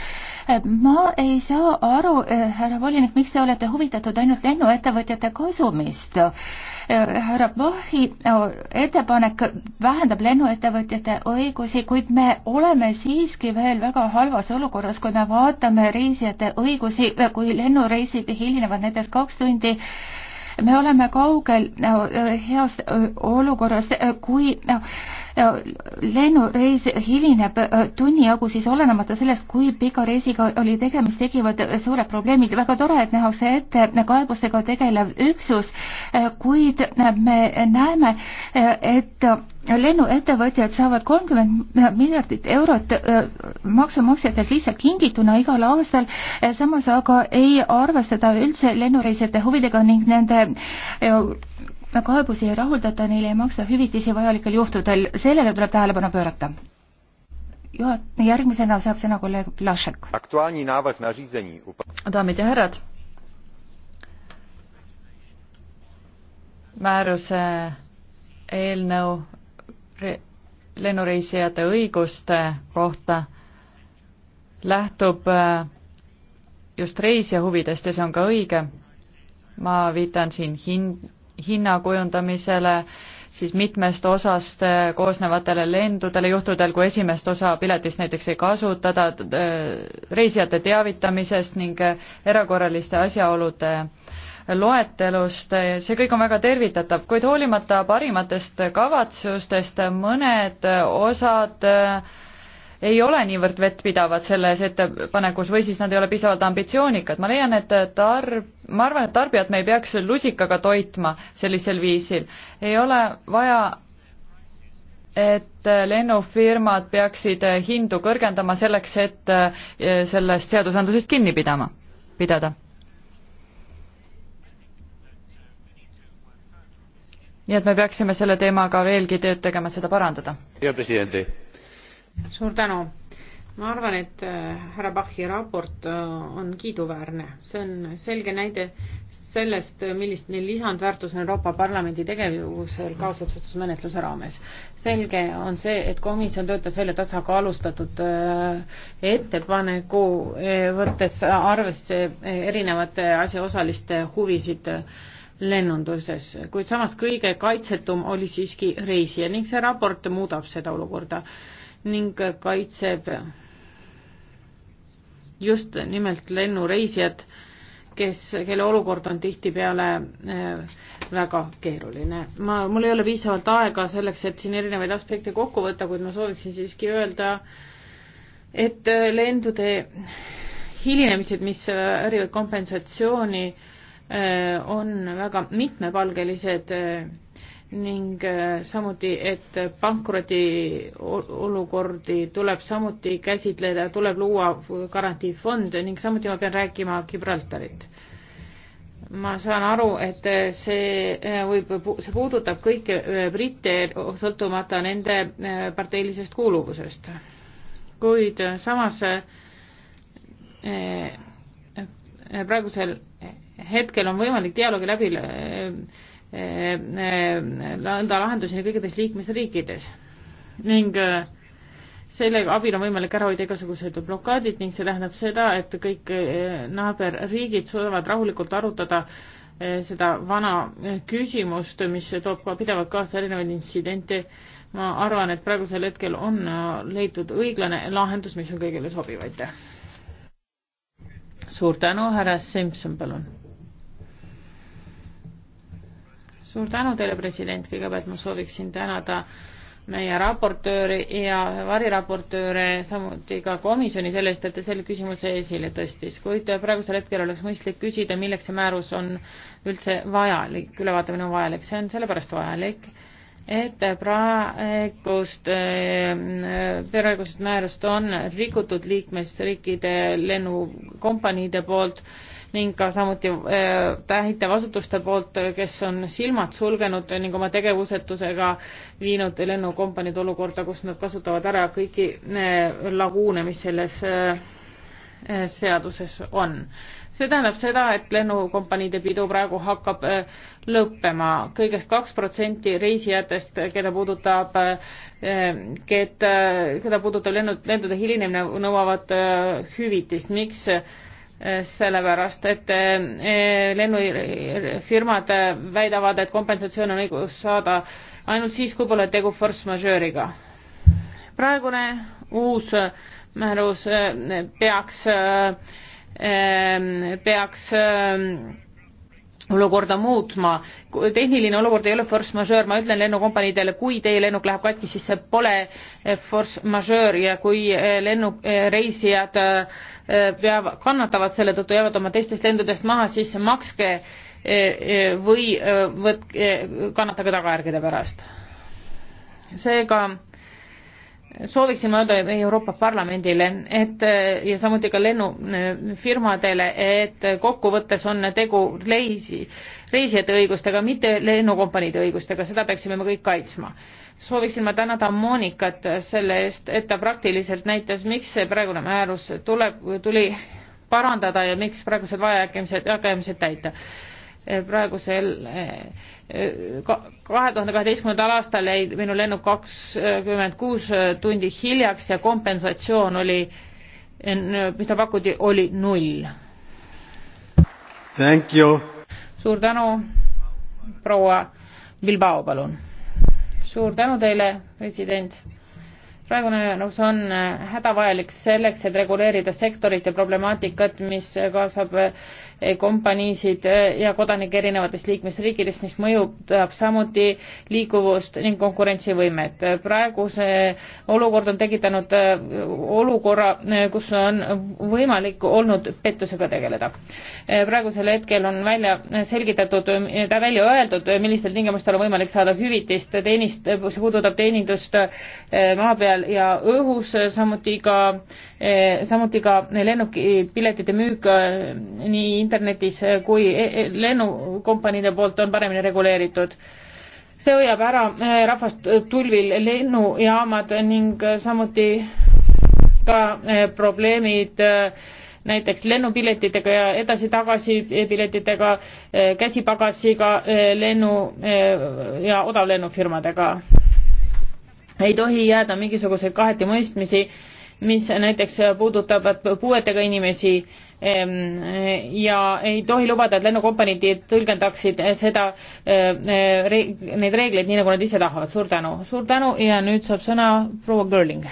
ma ei saa aru, äh, härra volinik, miks te olete huvitatud ainult lennuettevõtjate kasumist härra Pahi äh, ettepanek vähendab lennuettevõtjate õigusi, kuid me oleme siiski veel väga halvas olukorras, kui me vaatame reisijate õigusi, kui lennureisid hilinevad näiteks kaks tundi me oleme kaugel äh, heast äh, olukorrast, kui Äh, lennureis hilineb äh, tunni jagu, siis olenemata sellest, kui pika reisiga oli tegemist, tekivad äh, suured probleemid. väga tore, et nähakse ette kaebustega tegelev üksus, kuid me näeme, et lennuettevõtjad saavad kolmkümmend miljardit eurot maksumaksjatelt lihtsalt kingituna igal aastal, samas aga ei arvestada üldse lennureisijate huvidega ning nende kaebusi ei rahuldata, neile ei maksta hüvitisi vajalikel juhtudel, sellele tuleb tähelepanu pöörata. juhat-, järgmisena saab sõna kolleeg Plašek. daamid ja härrad, määruse eelnõu lennureisijate õiguste kohta lähtub äh, just reisija huvidest ja see on ka õige. ma viitan siin hin-, hinna kujundamisele siis mitmest osast äh, koosnevatele lendudele, juhtudel kui esimest osa piletist näiteks ei kasutada, äh, reisijate teavitamisest ning äh, erakorraliste asjaolude loetelust, see kõik on väga tervitatav, kuid hoolimata parimatest kavatsustest mõned osad äh, ei ole niivõrd vettpidavad selles ettepanekus või siis nad ei ole piisavalt ambitsioonikad. ma leian, et tarb-, ma arvan, et tarbijat me ei peaks lusikaga toitma sellisel viisil. ei ole vaja et lennufirmad peaksid hindu kõrgendama selleks, et e, sellest seadusandlusest kinni pidama, pidada. nii et me peaksime selle teemaga veelgi tööd tegema, seda parandada. hea presidendi suur tänu. ma arvan, et äh, härra Bachi raport äh, on kiiduväärne, see on selge näide sellest, millist neil lisandväärtus on Euroopa Parlamendi tegevusel kaasotsustusmenetluse raames. selge on see, et komisjon töötas välja tasakaalustatud äh, ettepaneku, võttes arvesse erinevate asjaosaliste huvisid lennunduses, kuid samas kõige kaitsetum oli siiski reisija ning see raport muudab seda olukorda ning kaitseb just nimelt lennureisijad, kes, kelle olukord on tihtipeale äh, väga keeruline. ma, mul ei ole piisavalt aega selleks, et siin erinevaid aspekte kokku võtta, kuid ma sooviksin siiski öelda, et äh, lendude hilinemised, mis väärivad äh, kompensatsiooni, on väga mitmepalgelised ning äh, samuti, et pankroti olukordi tuleb samuti käsitleda, tuleb luua garantiifond ning samuti ma pean rääkima Gibraltarit. ma saan aru, et äh, see äh, võib, see puudutab kõiki britte, sõltumata nende parteilisest kuuluvusest. kuid samas praegusel hetkel on võimalik dialoogi läbi nõnda lahenduseni kõikides liikmesriikides ning äh, selle abil on võimalik ära hoida igasugused blokaadid ning see tähendab seda, et kõik äh, naaberriigid suudavad rahulikult arutada äh, seda vana küsimust, mis toob ka pidevalt kaasa erinevaid intsidente. ma arvan, et praegusel hetkel on leitud õiglane lahendus, mis on kõigile sobiv, aitäh. suur tänu, härra Simson, palun suur tänu teile, president, kõigepealt ma sooviksin tänada meie raportööri ja variraportööre, samuti ka komisjoni selle eest, et ta selle küsimuse esile tõstis, kuid praegusel hetkel oleks mõistlik küsida, milleks see määrus on üldse vajalik, ülevaatamine on vajalik, see on sellepärast vajalik, et praegust, äh, praegust määrust on rikutud liikmesriikide lennukompaniide poolt ning ka samuti täitevasutuste äh, poolt, kes on silmad sulgenud ning oma tegevusetusega viinud lennukompaniid olukorda, kus nad kasutavad ära kõiki äh, laguune, mis selles äh, seaduses on. see tähendab seda, et lennukompaniide pidu praegu hakkab lõppema kõigest. kõigest kaks protsenti reisijatest, keda puudutab, keda, keda puudutab lennud, lendude hilinemine, nõuavad hüvitist. miks sellepärast, et eh, lennufirmad väidavad, et kompensatsioon on õigus saada ainult siis, kui pole tegu force majeure'iga. praegune uus määrus eh, peaks, eh, peaks olukorda muutma. tehniline olukord ei ole force majeure, ma ütlen lennukompaniidele, kui teie lennuk läheb katki, siis see pole eh, force majeure ja kui eh, lennureisijad eh, peab, kannatavad selle tõttu, jäävad oma teistest lendudest maha, siis makske või võtke, kannatage tagajärgede pärast. seega sooviksin ma öelda Euroopa Parlamendile, et ja samuti ka lennufirmadele, et kokkuvõttes on tegu reisi, reisijate õigustega, mitte lennukompaniide õigustega, seda peaksime me kõik kaitsma. sooviksin ma tänada Monikat selle eest, et ta praktiliselt näitas, miks see praegune määrus tuleb, tuli parandada ja miks praegused vajakajäämised, jagajäämised täita Eh, praegusel eh, kahe tuhande kaheteistkümnendal aastal jäi minu lennuk kakskümmend kuus eh, tundi hiljaks ja kompensatsioon oli, mis ta pakuti, oli null. suur tänu, proua Bilbao, palun. suur tänu teile, president praegune nõus on äh, hädavajalik selleks, et reguleerida sektorit ja problemaatikat, mis kaasab äh, kompaniisid äh, ja kodanikke erinevatest liikmesriikidest, mis mõjutab samuti liikuvust ning konkurentsivõimet. praeguse olukord on tekitanud olukorra, kus on võimalik olnud pettusega tegeleda. praegusel hetkel on välja selgitatud, välja öeldud, millistel tingimustel on võimalik saada hüvitist, teenist, see puudutab teenindust maa peal, merel ja õhus, samuti ka, eh, samuti ka lennukipiletite müük eh, nii internetis kui eh, lennukompaniide poolt on paremini reguleeritud see hoiab ära rahvast tulvil lennujaamad ning samuti ka probleemid näiteks lennupiletitega ja edasi-tagasi piletitega, käsipagasiga lennu ja odavlennufirmadega ei tohi jääda mingisuguseid kahetimõistmisi, mis näiteks puudutavad puuetega inimesi ehm, ja ei tohi lubada, et lennukompaniid tõlgendaksid seda, ehm, eh, neid reegleid nii, nagu nad ise tahavad. suur tänu. suur tänu ja nüüd saab sõna proua Görling.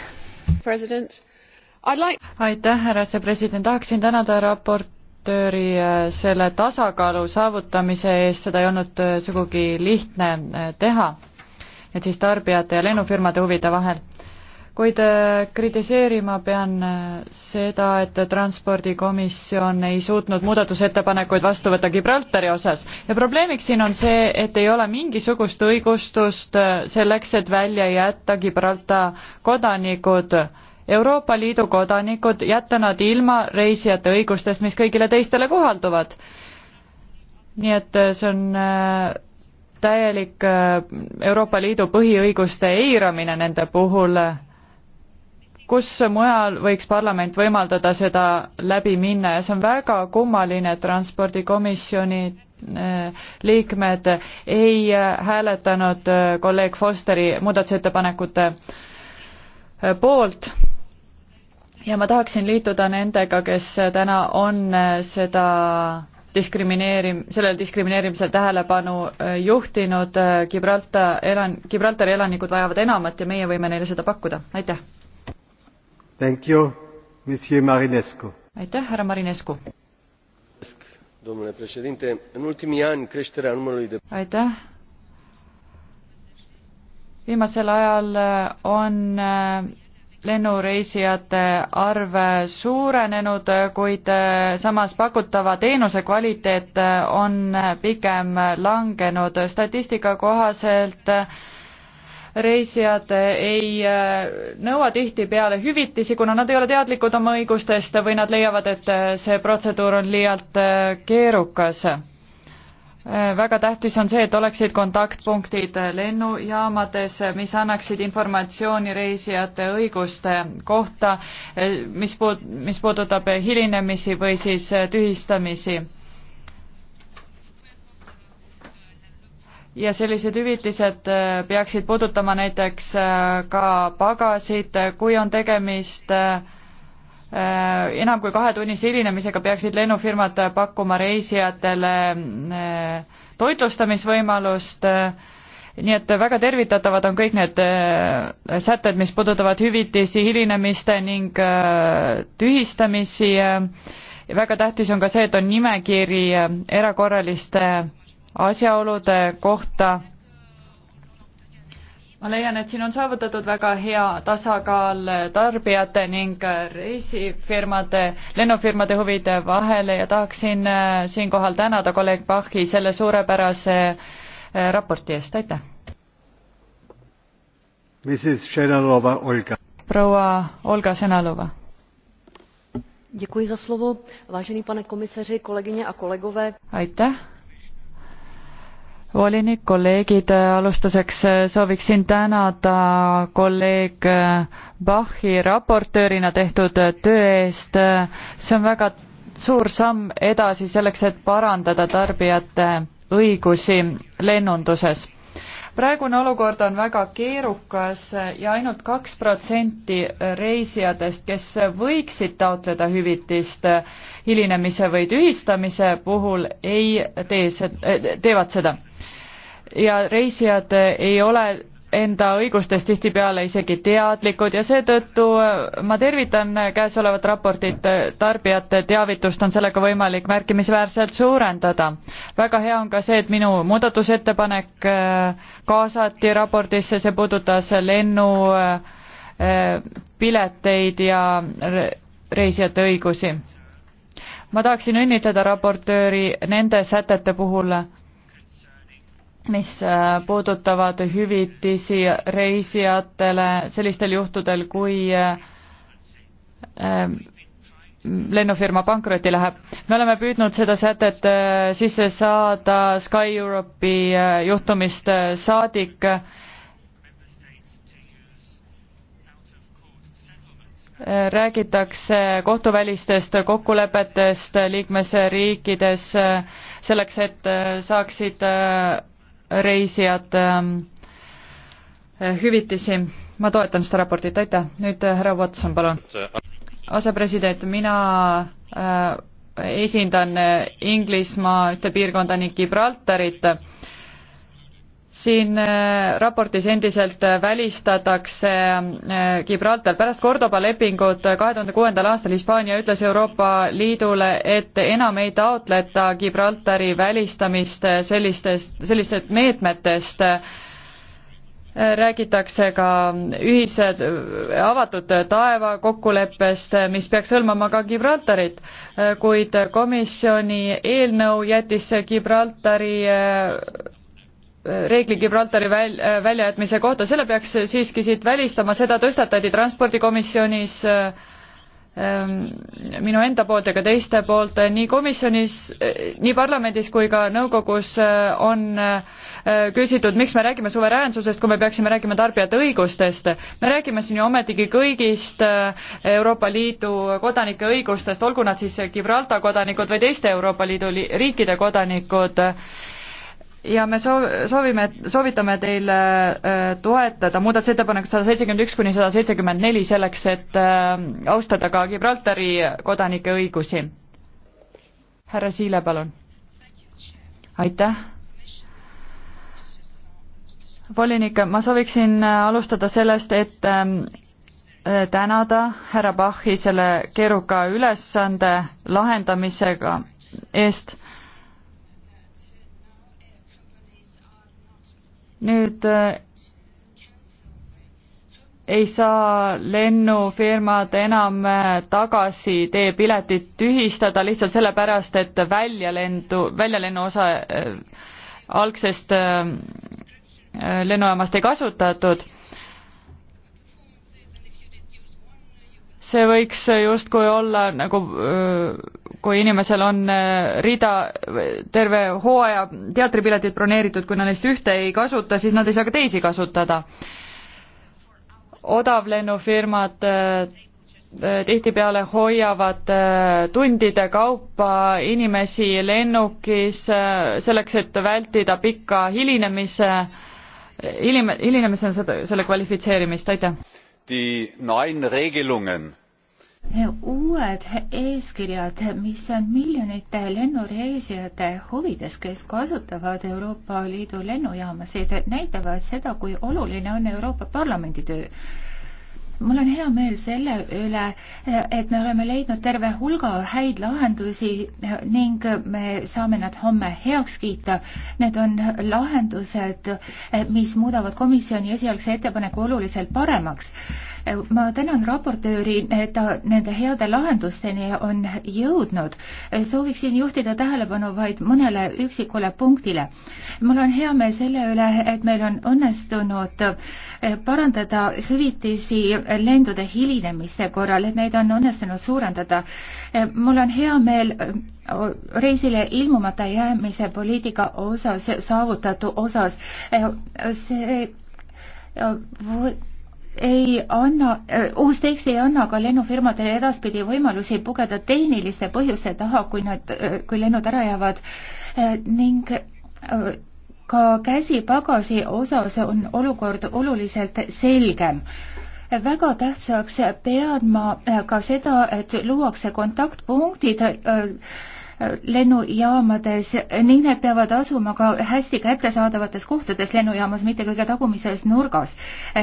Like... aitäh, härra see president, tahaksin tänada raport raportööri eh, selle tasakaalu saavutamise eest, seda ei olnud eh, sugugi lihtne teha et siis tarbijate ja lennufirmade huvide vahel. kuid äh, kritiseerima pean äh, seda, et Transpordikomisjon ei suutnud muudatusettepanekuid vastu võtta Gibraltari osas ja probleemiks siin on see, et ei ole mingisugust õigustust äh, selleks, et välja jätta Gibralta kodanikud Euroopa Liidu kodanikud, jätta nad ilma reisijate õigustest, mis kõigile teistele kohalduvad. nii et see on täielik äh, Euroopa Liidu põhiõiguste eiramine nende puhul, kus mujal võiks parlament võimaldada seda läbi minna ja see on väga kummaline, et transpordikomisjoni äh, liikmed ei äh, hääletanud kolleeg Fosteri muudatusettepanekute poolt ja ma tahaksin liituda nendega, kes täna on seda diskrimineerim-, sellel diskrimineerimisel tähelepanu äh, juhtinud äh, Gibraltar elan-, Gibraltari elanikud vajavad enamat ja meie võime neile seda pakkuda, aitäh! aitäh, härra Marinescu! aitäh! viimasel ajal on äh, lennureisijate arv suurenenud, kuid äh, samas pakutava teenuse kvaliteet äh, on äh, pigem langenud. statistika kohaselt reisijad ei nõua tihtipeale hüvitisi, kuna nad ei ole teadlikud oma õigustest või nad leiavad, et see protseduur on liialt keerukas Äh, väga tähtis on see, et oleksid kontaktpunktid lennujaamades, mis annaksid informatsiooni reisijate õiguste kohta, äh, mis puud-, mis puudutab hilinemisi või siis äh, tühistamisi. ja sellised hüvitised peaksid puudutama näiteks ka pagasid, kui on tegemist äh, Äh, enam kui kahetunnise hilinemisega peaksid lennufirmad äh, pakkuma reisijatele äh, toitlustamisvõimalust, nii et väga tervitatavad on kõik need sätted, mis puudutavad hüvitisi, hilinemiste ning tühistamisi. väga tähtis on ka see, et on nimekiri erakorraliste asjaolude kohta ma leian, et siin on saavutatud väga hea tasakaal tarbijate ning reisifirmade, lennufirmade huvide vahele ja tahaksin äh, siinkohal tänada kolleeg Bachi selle suurepärase äh, raporti eest, aitäh! proua Olga Senalova. Děkuji za slovo, vážený pane komisaři, kolegyně a kolegové. Aitäh, volinik, kolleegid, alustuseks äh, sooviksin tänada kolleeg äh, Bachi raportöörina tehtud äh, töö eest. see on väga suur samm edasi selleks, et parandada tarbijate õigusi lennunduses. praegune olukord on väga keerukas ja ainult kaks protsenti reisijatest, kes võiksid taotleda hüvitist hilinemise või tühistamise puhul, ei tee, teevad seda ja reisijad ei ole enda õigustest tihtipeale isegi teadlikud ja seetõttu äh, ma tervitan äh, käesolevat raportit, äh, tarbijate teavitust on sellega võimalik märkimisväärselt suurendada. väga hea on ka see, et minu muudatusettepanek kaasati raportisse, see puudutas lennupileteid ja reisijate õigusi. ma tahaksin õnnitleda raportööri nende sätete puhul, mis äh, puudutavad hüvitisi reisijatele sellistel juhtudel, kui äh, äh, lennufirma pankrotti läheb. me oleme püüdnud seda sätet sisse saada Sky Europe'i juhtumist saadik. räägitakse kohtuvälistest kokkulepetest liikmesriikides selleks, et saaksid reisijate ähm, äh, hüvitisi. ma toetan seda raportit, aitäh. nüüd äh, härra Watson, palun. asepresident, mina äh, esindan Inglismaa ühte piirkonda ning Gibraltarit siin äh, raportis endiselt äh, välistatakse äh, Gibraltar. pärast Cordoba lepingut kahe tuhande kuuendal aastal Hispaania ütles Euroopa Liidule, et enam ei taotleta Gibraltari välistamist sellistest, sellistest meetmetest, räägitakse ka ühise avatud taeva kokkuleppest, mis peaks hõlmama ka Gibraltarit, kuid komisjoni eelnõu jättis Gibraltari reegli Gibraltari väl-, äh, väljajätmise kohta, selle peaks siiski siit välistama, seda tõstatati transpordikomisjonis äh, ähm, minu enda poolt ja ka teiste poolt, nii komisjonis, äh, nii parlamendis kui ka nõukogus on küsitud, miks me räägime suveräänsusest, kui me peaksime rääkima tarbijate õigustest. me räägime siin ju ometigi kõigist Euroopa Liidu kodanike õigustest, olgu nad siis Gibraltar kodanikud või teiste Euroopa Liidu riikide kodanikud ja me soov, soovime, soovitame teile äh, toetada muudatusettepanekut sada seitsekümmend üks kuni sada seitsekümmend neli selleks, et äh, austada ka Gibraltari kodanike õigusi. härra Siile, palun. aitäh. volinik, ma sooviksin äh, alustada sellest, et ähm, tänada härra Bachi selle keeruka ülesande lahendamisega eest nüüd äh, ei saa lennufirmad enam äh, tagasi teie piletit tühistada lihtsalt sellepärast, et väljalendu, väljalennu osa äh, algsest lennujaamast ei kasutatud see võiks justkui olla nagu, kui inimesel on rida, terve hooaja teatripiletid broneeritud, kui nad neist ühte ei kasuta, siis nad ei saa ka teisi kasutada. odavlennufirmad tihtipeale hoiavad tundide kaupa inimesi lennukis selleks, et vältida pika hilinemise, hiline, hilinemise selle kvalifitseerimist, aitäh! die neuen regelungen uued eeskirjad, mis on miljonite lennureisijate huvides, kes kasutavad Euroopa Liidu lennujaamasid, näitavad seda, kui oluline on Euroopa Parlamendi töö. mul on hea meel selle üle, et me oleme leidnud terve hulga häid lahendusi ning me saame nad homme heaks kiita. Need on lahendused, mis muudavad komisjoni esialgse ettepaneku oluliselt paremaks ma tänan raportööri, ta nende heade lahendusteni on jõudnud. sooviksin juhtida tähelepanu vaid mõnele üksikule punktile. mul on hea meel selle üle, et meil on õnnestunud parandada hüvitisi lendude hilinemiste korral, et neid on õnnestunud suurendada. mul on hea meel reisile ilmumata jäämise poliitika osas, saavutatu osas. see ei anna, uus tekst ei anna ka lennufirmadele edaspidi võimalusi pugeda tehniliste põhjuste taha, kui nad, kui lennud ära jäävad ning ka käsipagasi osas on olukord oluliselt selgem väga tähtsaks pean ma ka seda, et luuakse kontaktpunktid lennujaamades ning need peavad asuma ka hästi kättesaadavates kohtades lennujaamas, mitte kõige tagumises nurgas.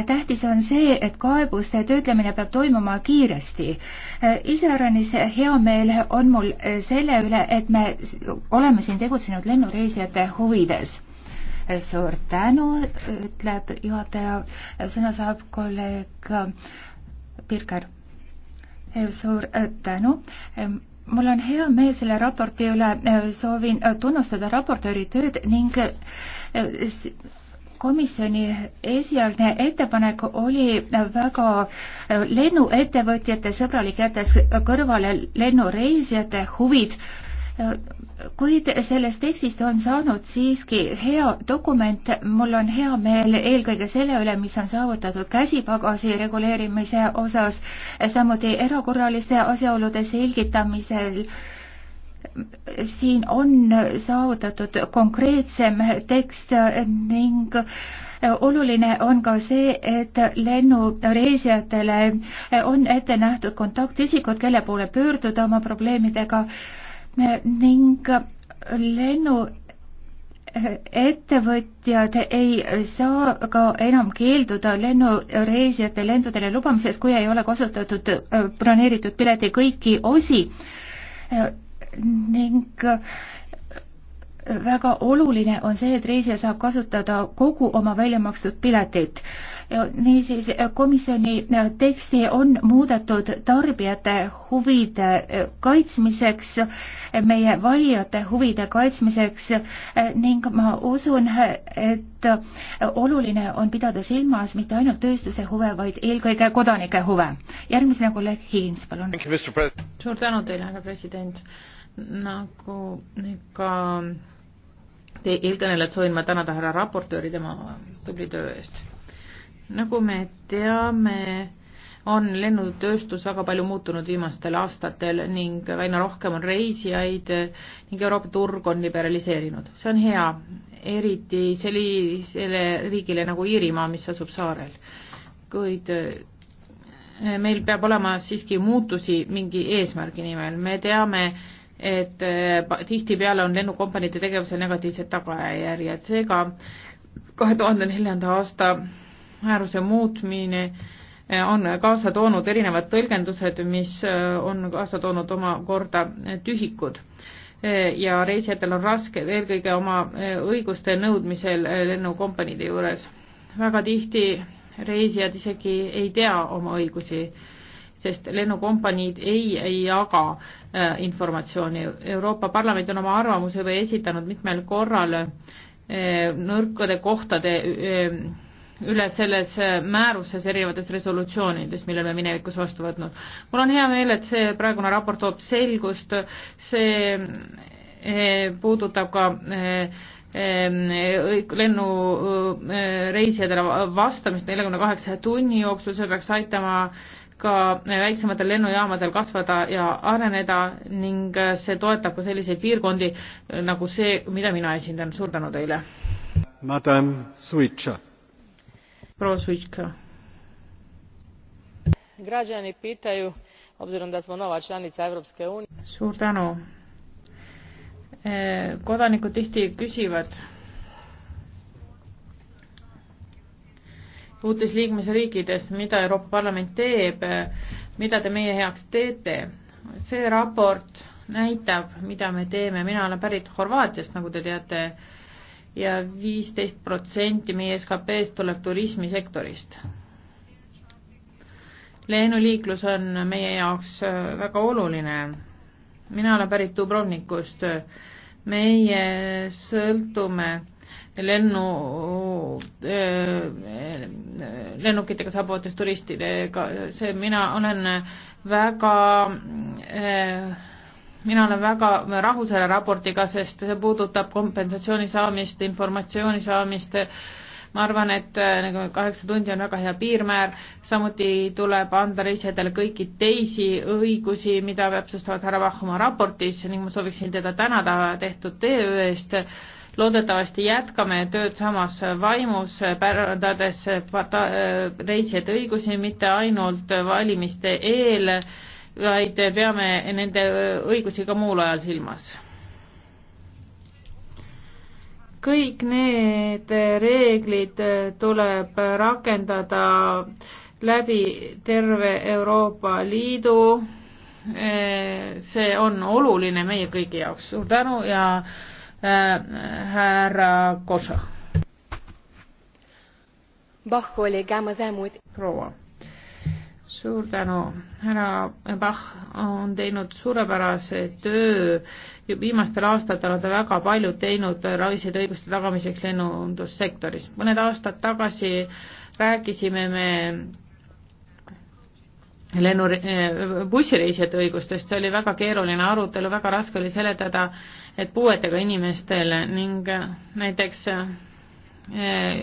tähtis on see, et kaebuste töötlemine peab toimuma kiiresti. iseäranis hea meel on mul selle üle, et me oleme siin tegutsenud lennureisijate huvides. suur tänu, ütleb juhataja, sõna saab kolleeg Birger. suur tänu mul on hea meel selle raporti üle, äh, soovin äh, tunnustada raportööri tööd ning äh, komisjoni esialgne ettepanek oli väga lennuettevõtjate sõbralik, jättes kõrvale lennureisijate huvid kuid sellest tekstist on saanud siiski hea dokument, mul on hea meel eelkõige selle üle, mis on saavutatud käsipagasi reguleerimise osas, samuti erakorraliste asjaolude selgitamisel. siin on saavutatud konkreetsem tekst ning oluline on ka see, et lennureisijatele on ette nähtud kontaktisikud, kelle poole pöörduda oma probleemidega ning lennuettevõtjad eh, ei saa ka enam keelduda lennureisijate lendudele lubamisest, kui ei ole kasutatud eh, broneeritud pileti kõiki osi eh, ning väga oluline on see, et reisija saab kasutada kogu oma väljamakstud piletit. niisiis, komisjoni teksti on muudetud tarbijate huvide kaitsmiseks, meie valijate huvide kaitsmiseks ning ma usun, et oluline on pidada silmas mitte ainult tööstuse huve, vaid eelkõige kodanike huve. järgmisena kolleeg Hiins, palun. suur tänu teile, härra president nagu ka eelkõnelejat soovin ma tänada härra raportööri tema tubli töö eest. nagu me teame, on lennutööstus väga palju muutunud viimastel aastatel ning aina rohkem on reisijaid ning Euroopa turg on liberaliseerinud. see on hea, eriti sellisele riigile nagu Iirimaa, mis asub saarel. kuid eh, meil peab olema siiski muutusi mingi eesmärgi nimel, me teame, et eh, tihtipeale on lennukompaniide tegevusel negatiivsed tagajärjed, seega kahe tuhande neljanda aasta määruse muutmine eh, on kaasa toonud erinevad tõlgendused, mis eh, on kaasa toonud omakorda tühikud. ja reisijatel on raske eelkõige oma õiguste nõudmisel lennukompaniide juures. väga tihti reisijad isegi ei tea oma õigusi sest lennukompaniid ei, ei jaga äh, informatsiooni. Euroopa Parlament on oma arvamuse juba esitanud mitmel korral äh, nõrkade kohtade äh, üle selles määruses erinevates resolutsioonides, mille me minevikus vastu võtnud. mul on hea meel, et see praegune raport toob selgust, see puudutab ka ähm, lennureisijatele vastamist neljakümne kaheksa tunni jooksul, see peaks aitama äh, ka väiksematel lennujaamadel kasvada ja areneda ning see toetab ka selliseid piirkondi nagu see, mida mina esindan. suur tänu teile. Madam Suitša. proua Suitša. građani pitaju obzirom da smo nova članica Europske unije. suur tänu. Eh, kodanikud tihti küsivad uutes liikmesriikides, mida Euroopa Parlament teeb, mida te meie heaks teete. see raport näitab, mida me teeme, mina olen pärit Horvaatiast, nagu te teate, ja viisteist protsenti meie SKP-st tuleb turismisektorist. lennuliiklus on meie jaoks äh, väga oluline. mina olen pärit Dubrovnikust, meie sõltume lennu, lennukitega saabuvates turistidega, see, mina olen väga, mina olen väga rahul selle raportiga, sest see puudutab kompensatsiooni saamist, informatsiooni saamist, ma arvan, et nagu kaheksa tundi on väga hea piirmäär, samuti tuleb anda reisijatele kõiki teisi õigusi, mida täpsustavad härra Vahma raportis ning ma sooviksin teda tänada tehtud töö eest loodetavasti jätkame tööd samas vaimus, pärandades reisijate õigusi mitte ainult valimiste eel, vaid peame nende õigusi ka muul ajal silmas. kõik need reeglid tuleb rakendada läbi terve Euroopa Liidu see on oluline meie kõigi jaoks. suur tänu ja härra Koša. Bach kollégám az elmúlt... proua. suur tänu, härra Bach on teinud suurepärase töö. viimastel aastatel on ta väga palju teinud naisede õiguste tagamiseks lennundussektoris. mõned aastad tagasi rääkisime me lennu, eh, bussireisijate õigustest, see oli väga keeruline arutelu, väga raske oli seletada, et puuetega inimestele ning äh, näiteks äh, äh,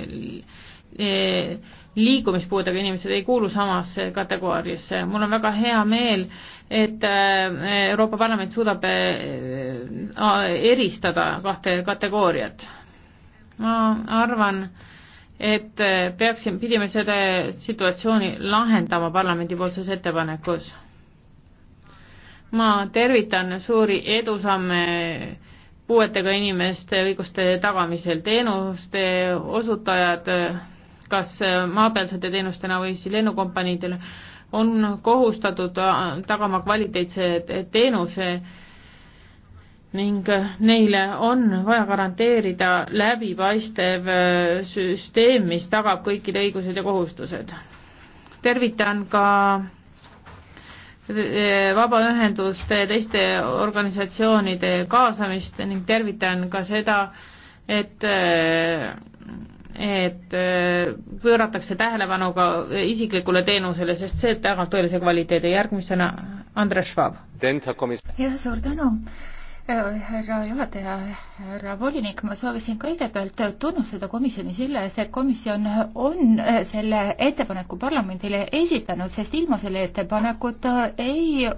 liikumispuudega inimesed ei kuulu samasse kategooriasse. mul on väga hea meel, et Euroopa Parlament suudab eristada kahte kategooriat. ma arvan, et peaksime, pidime selle situatsiooni lahendama parlamendipoolses ettepanekus ma tervitan suuri edusamme puuetega inimeste õiguste tagamisel, teenuste osutajad, kas maapealsete teenustena või siis lennukompaniidel, on kohustatud tagama kvaliteetse teenuse ning neile on vaja garanteerida läbipaistev süsteem, mis tagab kõikide õigused ja kohustused. tervitan ka Eh, vabaühenduste ja teiste organisatsioonide kaasamist ning tervitan ka seda, et eh, et eh, pööratakse tähelepanu ka isiklikule teenusele, sest see tagab tõelise kvaliteedi. järgmisena Andres Schwab. jah, suur tänu härra juhataja, härra volinik, ma soovisin kõigepealt tunnustada komisjoni selle eest, et komisjon on selle ettepaneku parlamendile esitanud, sest ilma selle ettepanekuta ei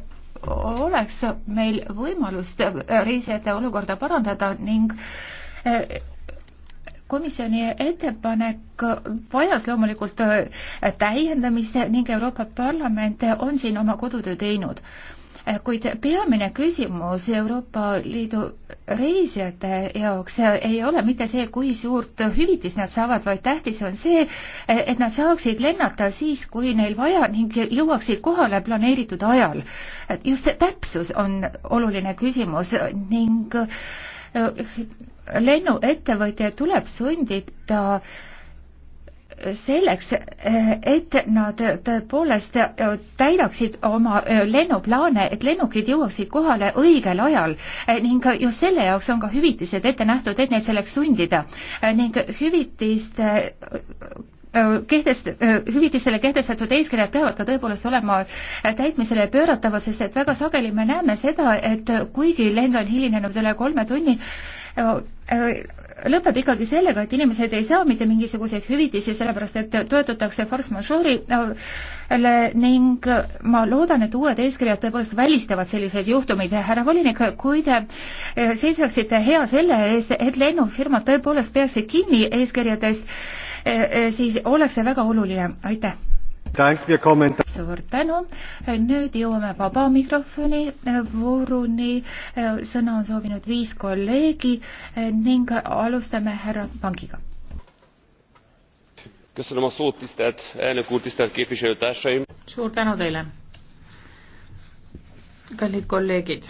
oleks meil võimalust reisijate olukorda parandada ning eh, komisjoni ettepanek vajas loomulikult eh, täiendamist ning Euroopa Parlament on siin oma kodutöö teinud kuid peamine küsimus Euroopa Liidu reisijate jaoks ei ole mitte see, kui suurt hüvitist nad saavad, vaid tähtis on see, et nad saaksid lennata siis, kui neil vaja ning jõuaksid kohale planeeritud ajal. just täpsus on oluline küsimus ning lennuettevõtja tuleb sundida selleks, et nad tõepoolest täidaksid oma lennuplaane, et lennukid jõuaksid kohale õigel ajal ning just selle jaoks on ka hüvitised ette nähtud, et neid selleks sundida ning hüvitiste kehtest-, hüvitistele kehtestatud eeskirjad peavad ka tõepoolest olema täitmisele pööratavad, sest et väga sageli me näeme seda, et kuigi lend on hilinenud üle kolme tunni, lõpeb ikkagi sellega, et inimesed ei saa mitte mingisuguseid hüvitisi, sellepärast et toetutakse force majeure'ile ning ma loodan, et uued eeskirjad tõepoolest välistavad selliseid juhtumeid. härra volinik, kui te eh, seisaksite hea selle eest, et lennufirmad tõepoolest peaksid kinni eeskirjadest, eh, eh, siis oleks see väga oluline, aitäh! suur tänu, nüüd jõuame vaba mikrofoni vooruni, sõna on soovinud viis kolleegi ning alustame härra Pangiga. suur tänu teile, kallid kolleegid.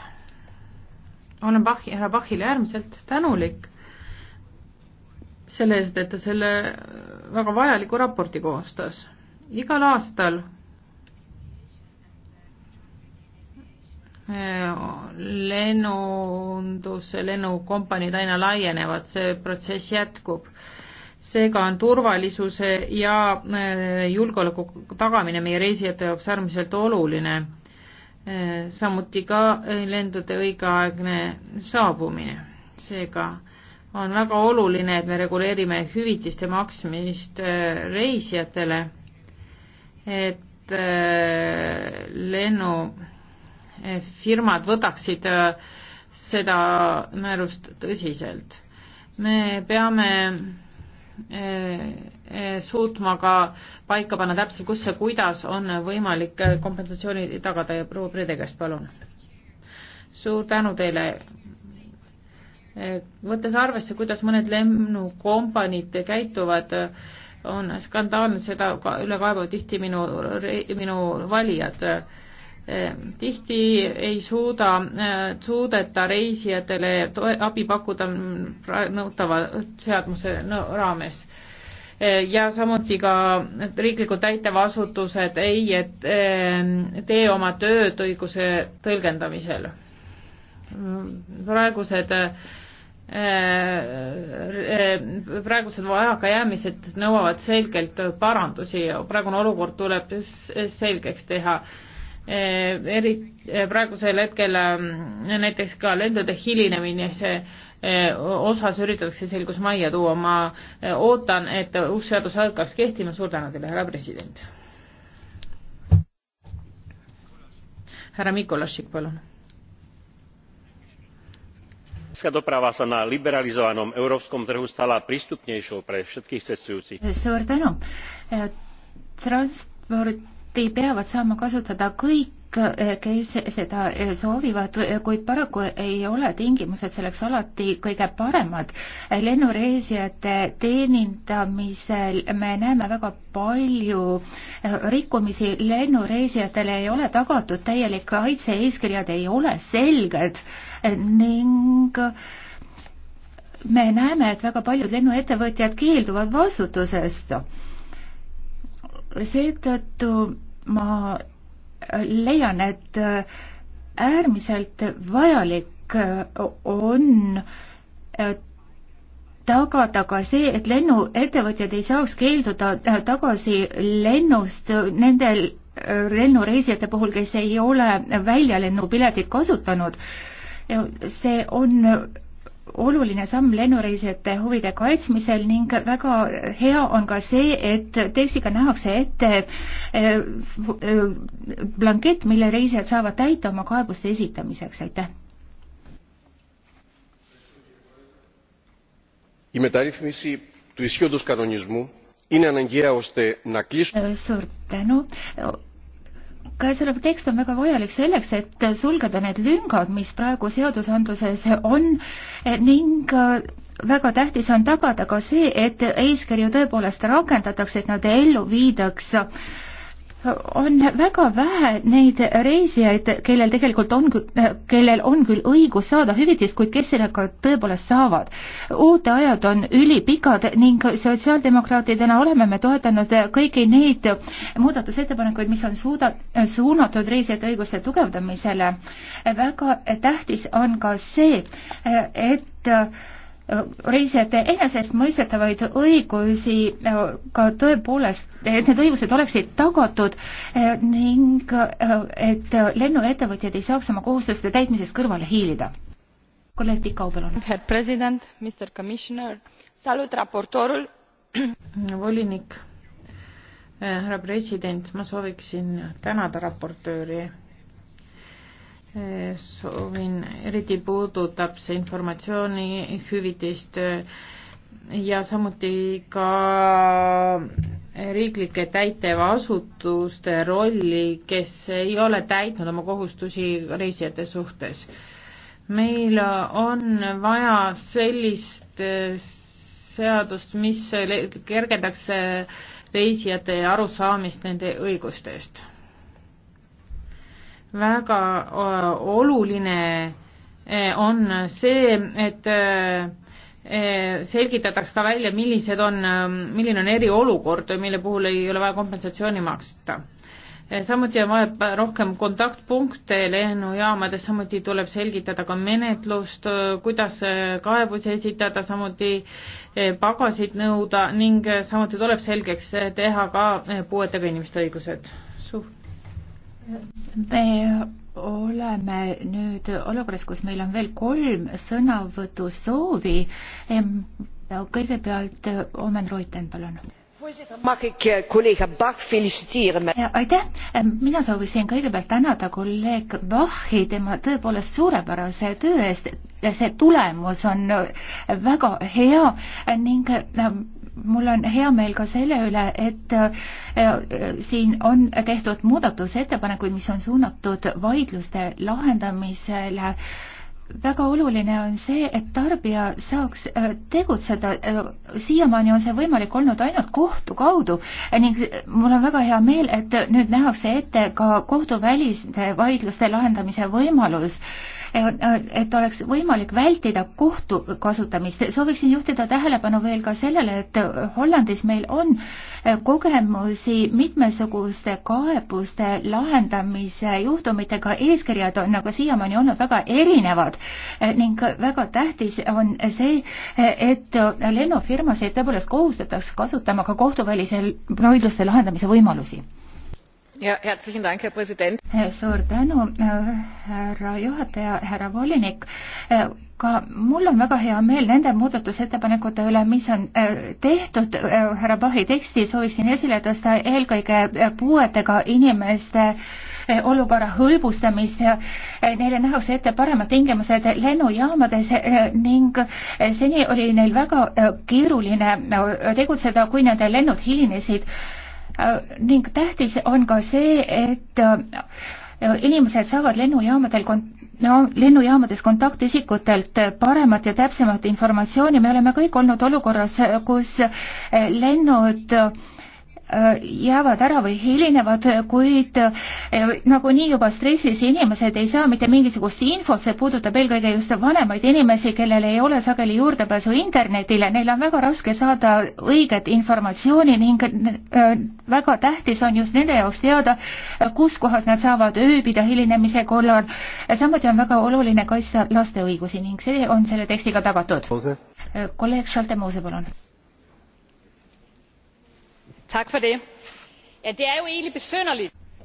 olen Bachi, härra Bachile äärmiselt tänulik selle eest, et ta selle väga vajaliku raporti koostas igal aastal eh, lennunduse, lennukompaniid aina laienevad, see protsess jätkub. seega on turvalisuse ja eh, julgeoleku tagamine meie reisijate jaoks äärmiselt oluline, eh, samuti ka lendude õigeaegne saabumine. seega on väga oluline, et me reguleerime hüvitiste maksmist reisijatele et äh, lennufirmad äh, võtaksid äh, seda määrust tõsiselt. me peame suutma ka paika panna täpselt, kus ja kuidas on võimalik kompensatsiooni tagada ja proua Prede käest palun. suur tänu teile. võttes arvesse, kuidas mõned lennukompaniid käituvad, on skandaalne, seda üle kaebavad tihti minu, minu valijad. Eh, tihti ei suuda, eh, suudeta reisijatele toe, abi pakkuda nõutava seadmuse raames eh, ja samuti ka riiklikud täitevasutused ei, et tee oma tööd õiguse tõlgendamisel. Mm, praegused äh, Äh, äh, praegused vajakajäämised nõuavad selgelt parandusi ja praegune olukord tuleb selgeks teha. Äh, eri, praegusel hetkel näiteks ka lendude hilinemine, see osas üritatakse selgus majja tuua, ma ootan, et uus seadus hakkaks kehtima, suur tänu teile, härra president. härra Mikolašik, palun letecká doprava sa na liberalizovanom európskom trhu stala prístupnejšou pre všetkých cestujúcich. suur tänu. transporti peavad saama kasutada kõik kõik, eh, kes seda eh, soovivad, kuid paraku ei ole tingimused selleks alati kõige paremad. lennureisijate teenindamisel me näeme väga palju eh, rikkumisi, lennureisijatele ei ole tagatud täielik kaitse, eeskirjad ei ole selged ning me näeme, et väga paljud lennuettevõtjad keelduvad vastutusest. seetõttu ma leian, et äärmiselt vajalik on tagada ka see, et lennuettevõtjad ei saaks keelduda tagasi lennust nendel lennureisijate puhul, kes ei ole väljalennupiletit kasutanud see on oluline samm lennureisijate huvide kaitsmisel ning väga hea on ka see, et tekstiga nähakse ette eh, eh, blankett, mille reisijad saavad täita oma kaebuste esitamiseks, aitäh. Η μεταρρύθμιση του ισχύοντος κανονισμού είναι αναγκαία ώστε να κλείσουν... Suur tänu käesolev tekst on väga vajalik selleks, et sulgeda need lüngad, mis praegu seadusandluses on eh, ning eh, väga tähtis on tagada ka see, et eeskirju tõepoolest rakendatakse, et nad ellu viidaks äh, on väga vähe neid reisijaid, kellel tegelikult on, äh, kellel on küll õigus saada hüvitist, kuid kes selle ka tõepoolest saavad. ooteajad on ülipikad ning sotsiaaldemokraatidena oleme me toetanud kõiki neid muudatusettepanekuid, mis on suuda, suunatud reisijate õiguste tugevdamisele. väga tähtis on ka see, et äh, reisijate enesestmõistetavaid õigusi äh, ka tõepoolest et need õigused oleksid tagatud eh, ning eh, et lennuettevõtjad ei saaks oma kohustuste täitmisest kõrvale hiilida. kolleeg Tikau, palun. Herr president, Mr Commissioner, salut raportoorul. volinik, eh, härra president, ma sooviksin tänada raportööri soovin, eriti puudutab see informatsiooni hüvitist ja samuti ka riiklike täitevasutuste rolli, kes ei ole täitnud oma kohustusi reisijate suhtes. meil on vaja sellist eh, seadust, mis kergendaks eh, reisijate arusaamist nende õigustest. väga eh, oluline on see, et Eh, selgitataks ka välja, millised on, ähm, milline on eriolukord, mille puhul ei ole vaja kompensatsiooni maksta. Eh, samuti on vaja rohkem kontaktpunkte lennujaamades, samuti tuleb selgitada ka menetlust, äh, kuidas äh, kaebusi esitada, samuti äh, pagasid nõuda ning samuti tuleb selgeks teha ka puuetega inimeste õigused. me oleme nüüd olukorras, kus meil on veel kolm sõnavõtusoovi. kõigepealt Omen Reuten, palun. Eh, aitäh, mina soovisin kõigepealt tänada kolleeg Bachi tema tõepoolest suurepärase töö eest. see tulemus on väga hea ning mul on hea meel ka selle üle, et äh, äh, siin on tehtud muudatusettepanekuid, mis on suunatud vaidluste lahendamisele väga oluline on see, et tarbija saaks äh, tegutseda, äh, siiamaani on see võimalik olnud ainult kohtu kaudu ning mul on väga hea meel, et nüüd nähakse ette ka kohtuväliste vaidluste lahendamise võimalus, äh, et oleks võimalik vältida kohtu kasutamist. sooviksin juhtida tähelepanu veel ka sellele, et Hollandis meil on kogemusi mitmesuguste kaebuste lahendamise juhtumitega, eeskirjad on aga siiamaani olnud väga erinevad Eh, ning väga tähtis on see, eh, et lennufirmasid tõepoolest kohustatakse kasutama ka kohtuvälisel vaidluste lahendamise võimalusi. Ja, herzlichen Dank, Herr Präsident. Eh, suur tänu, härra juhataja, härra volinik ka mul on väga hea meel nende muudatusettepanekute üle, mis on tehtud härra Pahi teksti, sooviksin esile tõsta eelkõige puuetega inimeste äh, olukorra hõlbustamist. Neile nähakse ette paremad tingimused lennujaamades eh, ning eh, seni oli neil väga eh, keeruline tegutseda, kui nende lennud hilinesid. ning tähtis on ka see, et inimesed saavad lennujaamadel kont-, no lennujaamades kontaktisikutelt paremat ja täpsemat informatsiooni, me oleme kõik olnud olukorras, kus lennud äh, jäävad ära või hilinevad, kuid eh, nagunii juba stressis inimesed ei saa mitte mingisugust infot, see puudutab eelkõige just vanemaid inimesi, kellel ei ole sageli juurdepääsu internetile, neil on väga raske saada õiget informatsiooni ning eh, väga tähtis on just nende jaoks teada, kus kohas nad saavad ööbida hilinemise korral. samuti on väga oluline kaitsta laste õigusi ning see on selle tekstiga tagatud. Eh, kolleeg Šalte Moose, palun Er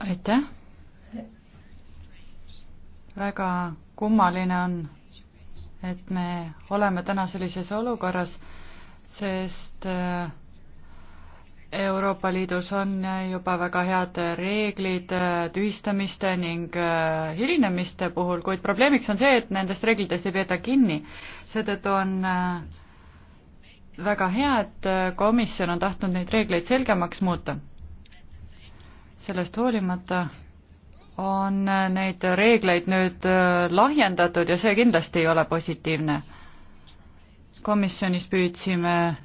aitäh. väga kummaline on, et me oleme täna sellises olukorras, sest äh, Euroopa Liidus on juba väga head reeglid äh, tühistamiste ning äh, hilinemiste puhul, kuid probleemiks on see, et nendest reeglitest ei peeta kinni. seetõttu on äh, väga hea, et äh, komisjon on tahtnud neid reegleid selgemaks muuta. sellest hoolimata on äh, neid reegleid nüüd äh, lahjendatud ja see kindlasti ei ole positiivne. komisjonis püüdsime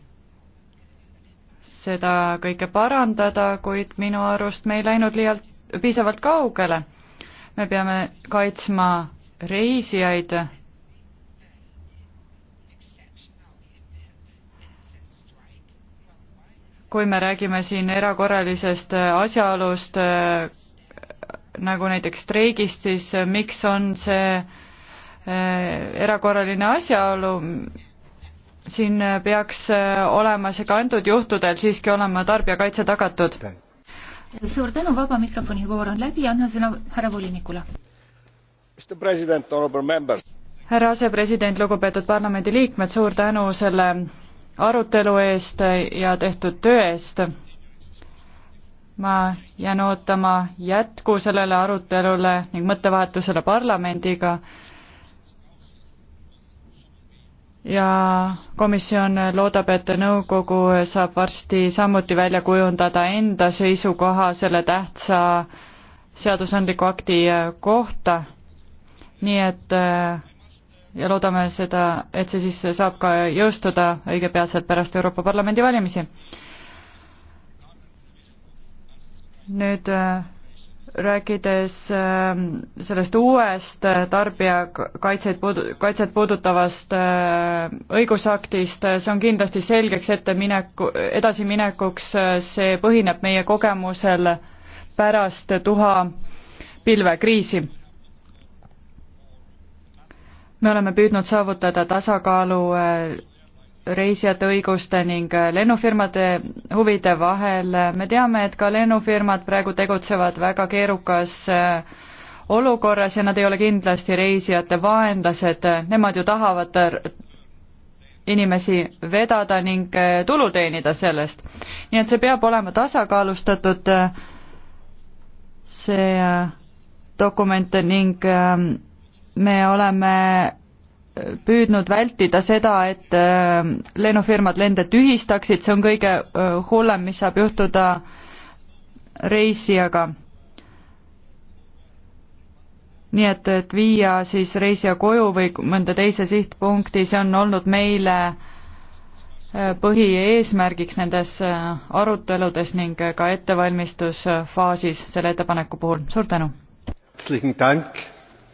seda kõike parandada, kuid minu arust me ei läinud liialt, piisavalt kaugele. me peame kaitsma reisijaid kui me räägime siin erakorralisest äh, asjaolust, äh, nagu näiteks streigist, siis äh, miks on see erakorraline asjaolu, siin peaks olema see ka antud juhtudel siiski olema tarbijakaitse tagatud. suur tänu, vaba mikrofoni voor on läbi, annan sõna härra volinikule. härra asepresident, lugupeetud parlamendiliikmed, suur tänu selle arutelu eest ja tehtud töö eest. ma jään ootama jätku sellele arutelule ning mõttevahetusele parlamendiga ja komisjon loodab, et nõukogu saab varsti samuti välja kujundada enda seisukoha selle tähtsa seadusandliku akti kohta. nii et äh, ja loodame seda, et see siis saab ka jõustuda õigepeatselt pärast Euroopa Parlamendi valimisi. nüüd äh, rääkides äh, sellest uuest äh, tarbijakaitseid puudu-, kaitset puudutavast õigusaktist, see on kindlasti selgeks ettemineku, edasiminekuks, see põhineb meie kogemusel pärast tuha pilvekriisi me oleme püüdnud saavutada tasakaalu äh, reisijate õiguste ning äh, lennufirmade huvide vahel. me teame, et ka lennufirmad praegu tegutsevad väga keerukas äh, olukorras ja nad ei ole kindlasti reisijate vaenlased, nemad ju tahavad inimesi vedada ning tulu teenida sellest. nii et see peab olema tasakaalustatud, see dokument ning me oleme püüdnud vältida seda, et äh, lennufirmad lende tühistaksid, see on kõige äh, hullem, mis saab juhtuda reisijaga. nii et, et viia siis reisija koju või mõnda teise sihtpunkti, see on olnud meile äh, põhieesmärgiks nendes aruteludes ning ka ettevalmistusfaasis selle ettepaneku puhul, suur tänu!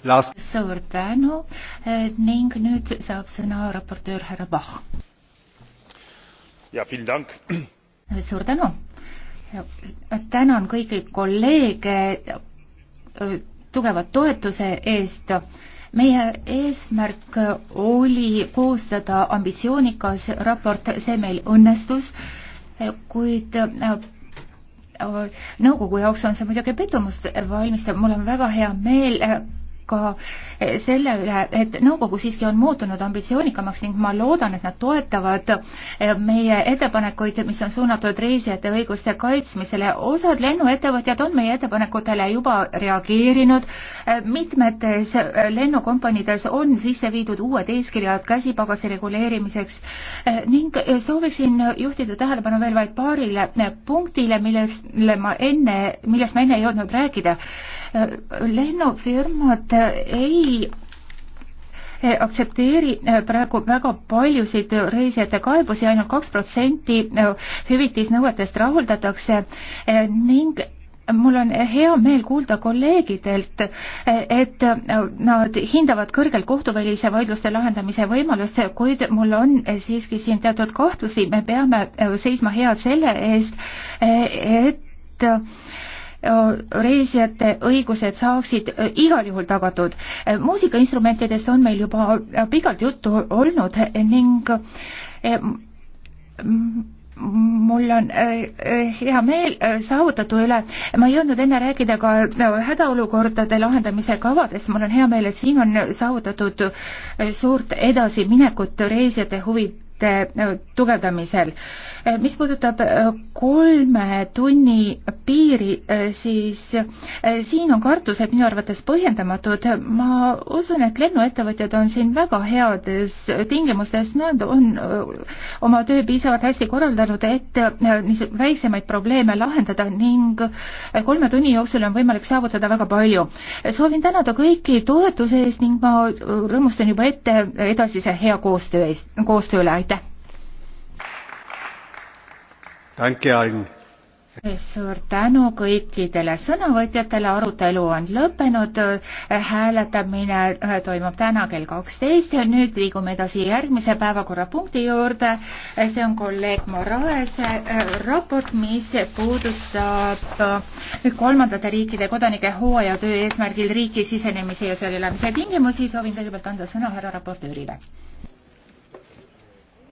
last... suur tänu eh, ning nüüd saab sõna raportöör härra Bach. Eh, suur tänu. tänan kõiki kolleege eh, tugeva toetuse eest meie eesmärk oli koostada ambitsioonikas raport, see meil õnnestus, kuid nõukogu jaoks on see muidugi pettumust valmistav, mul on väga hea meel ka selle üle, et nõukogu siiski on muutunud ambitsioonikamaks ning ma loodan, et nad toetavad eh, meie ettepanekuid, mis on suunatud reisijate õiguste kaitsmisele. osad lennuettevõtjad on meie ettepanekutele juba reageerinud, eh, mitmetes eh, lennukompaniides on sisse viidud uued eeskirjad käsipagasi reguleerimiseks ning sooviksin juhtida tähelepanu veel vaid paarile punktile, millest ma enne, millest ma enne ei jõudnud rääkida. lennufirmad Äh, ei äh, aktsepteeri äh, praegu väga paljusid reisijate kaebusi, ainult kaks protsenti hüvitisnõuetest rahuldatakse ning mul on hea meel kuulda kolleegidelt, et nad hindavad kõrgelt kohtuvälise vaidluste lahendamise võimalust, kuid mul on siiski siin teatud kahtlusi, me peame seisma head selle eest, et reisijate õigused saaksid äh, igal juhul tagatud. Äh, muusikainstrumentidest on meil juba äh, pikalt juttu olnud ning mul on hea meel saavutatu üle. ma ei jõudnud enne rääkida ka hädaolukordade lahendamise kavadest, mul on hea meel, et siin on saavutatud suurt edasiminekut reisijate huvide tugevdamisel mis puudutab äh, kolme tunni piiri, äh, siis äh, siin on kartused minu arvates põhjendamatud. ma usun, et lennuettevõtjad on siin väga heades tingimustes, nad on oma töö piisavalt hästi korraldanud, et väiksemaid probleeme lahendada ning kolme tunni jooksul on võimalik saavutada väga palju. soovin tänada kõiki toetuse eest ning ma rõõmustan juba ette edasise hea koostöö eest, koostööle, aitäh! suur tänu kõikidele sõnavõtjatele, arutelu on lõppenud, hääletamine äh, toimub täna kell kaksteist ja nüüd liigume edasi järgmise päevakorrapunkti juurde. see on kolleeg Moraese äh, raport, mis puudutab äh, kolmandate riikide kodanike hooajatöö eesmärgil riiki sisenemise ja seal elamise tingimusi. soovin kõigepealt anda sõna härra raportöörile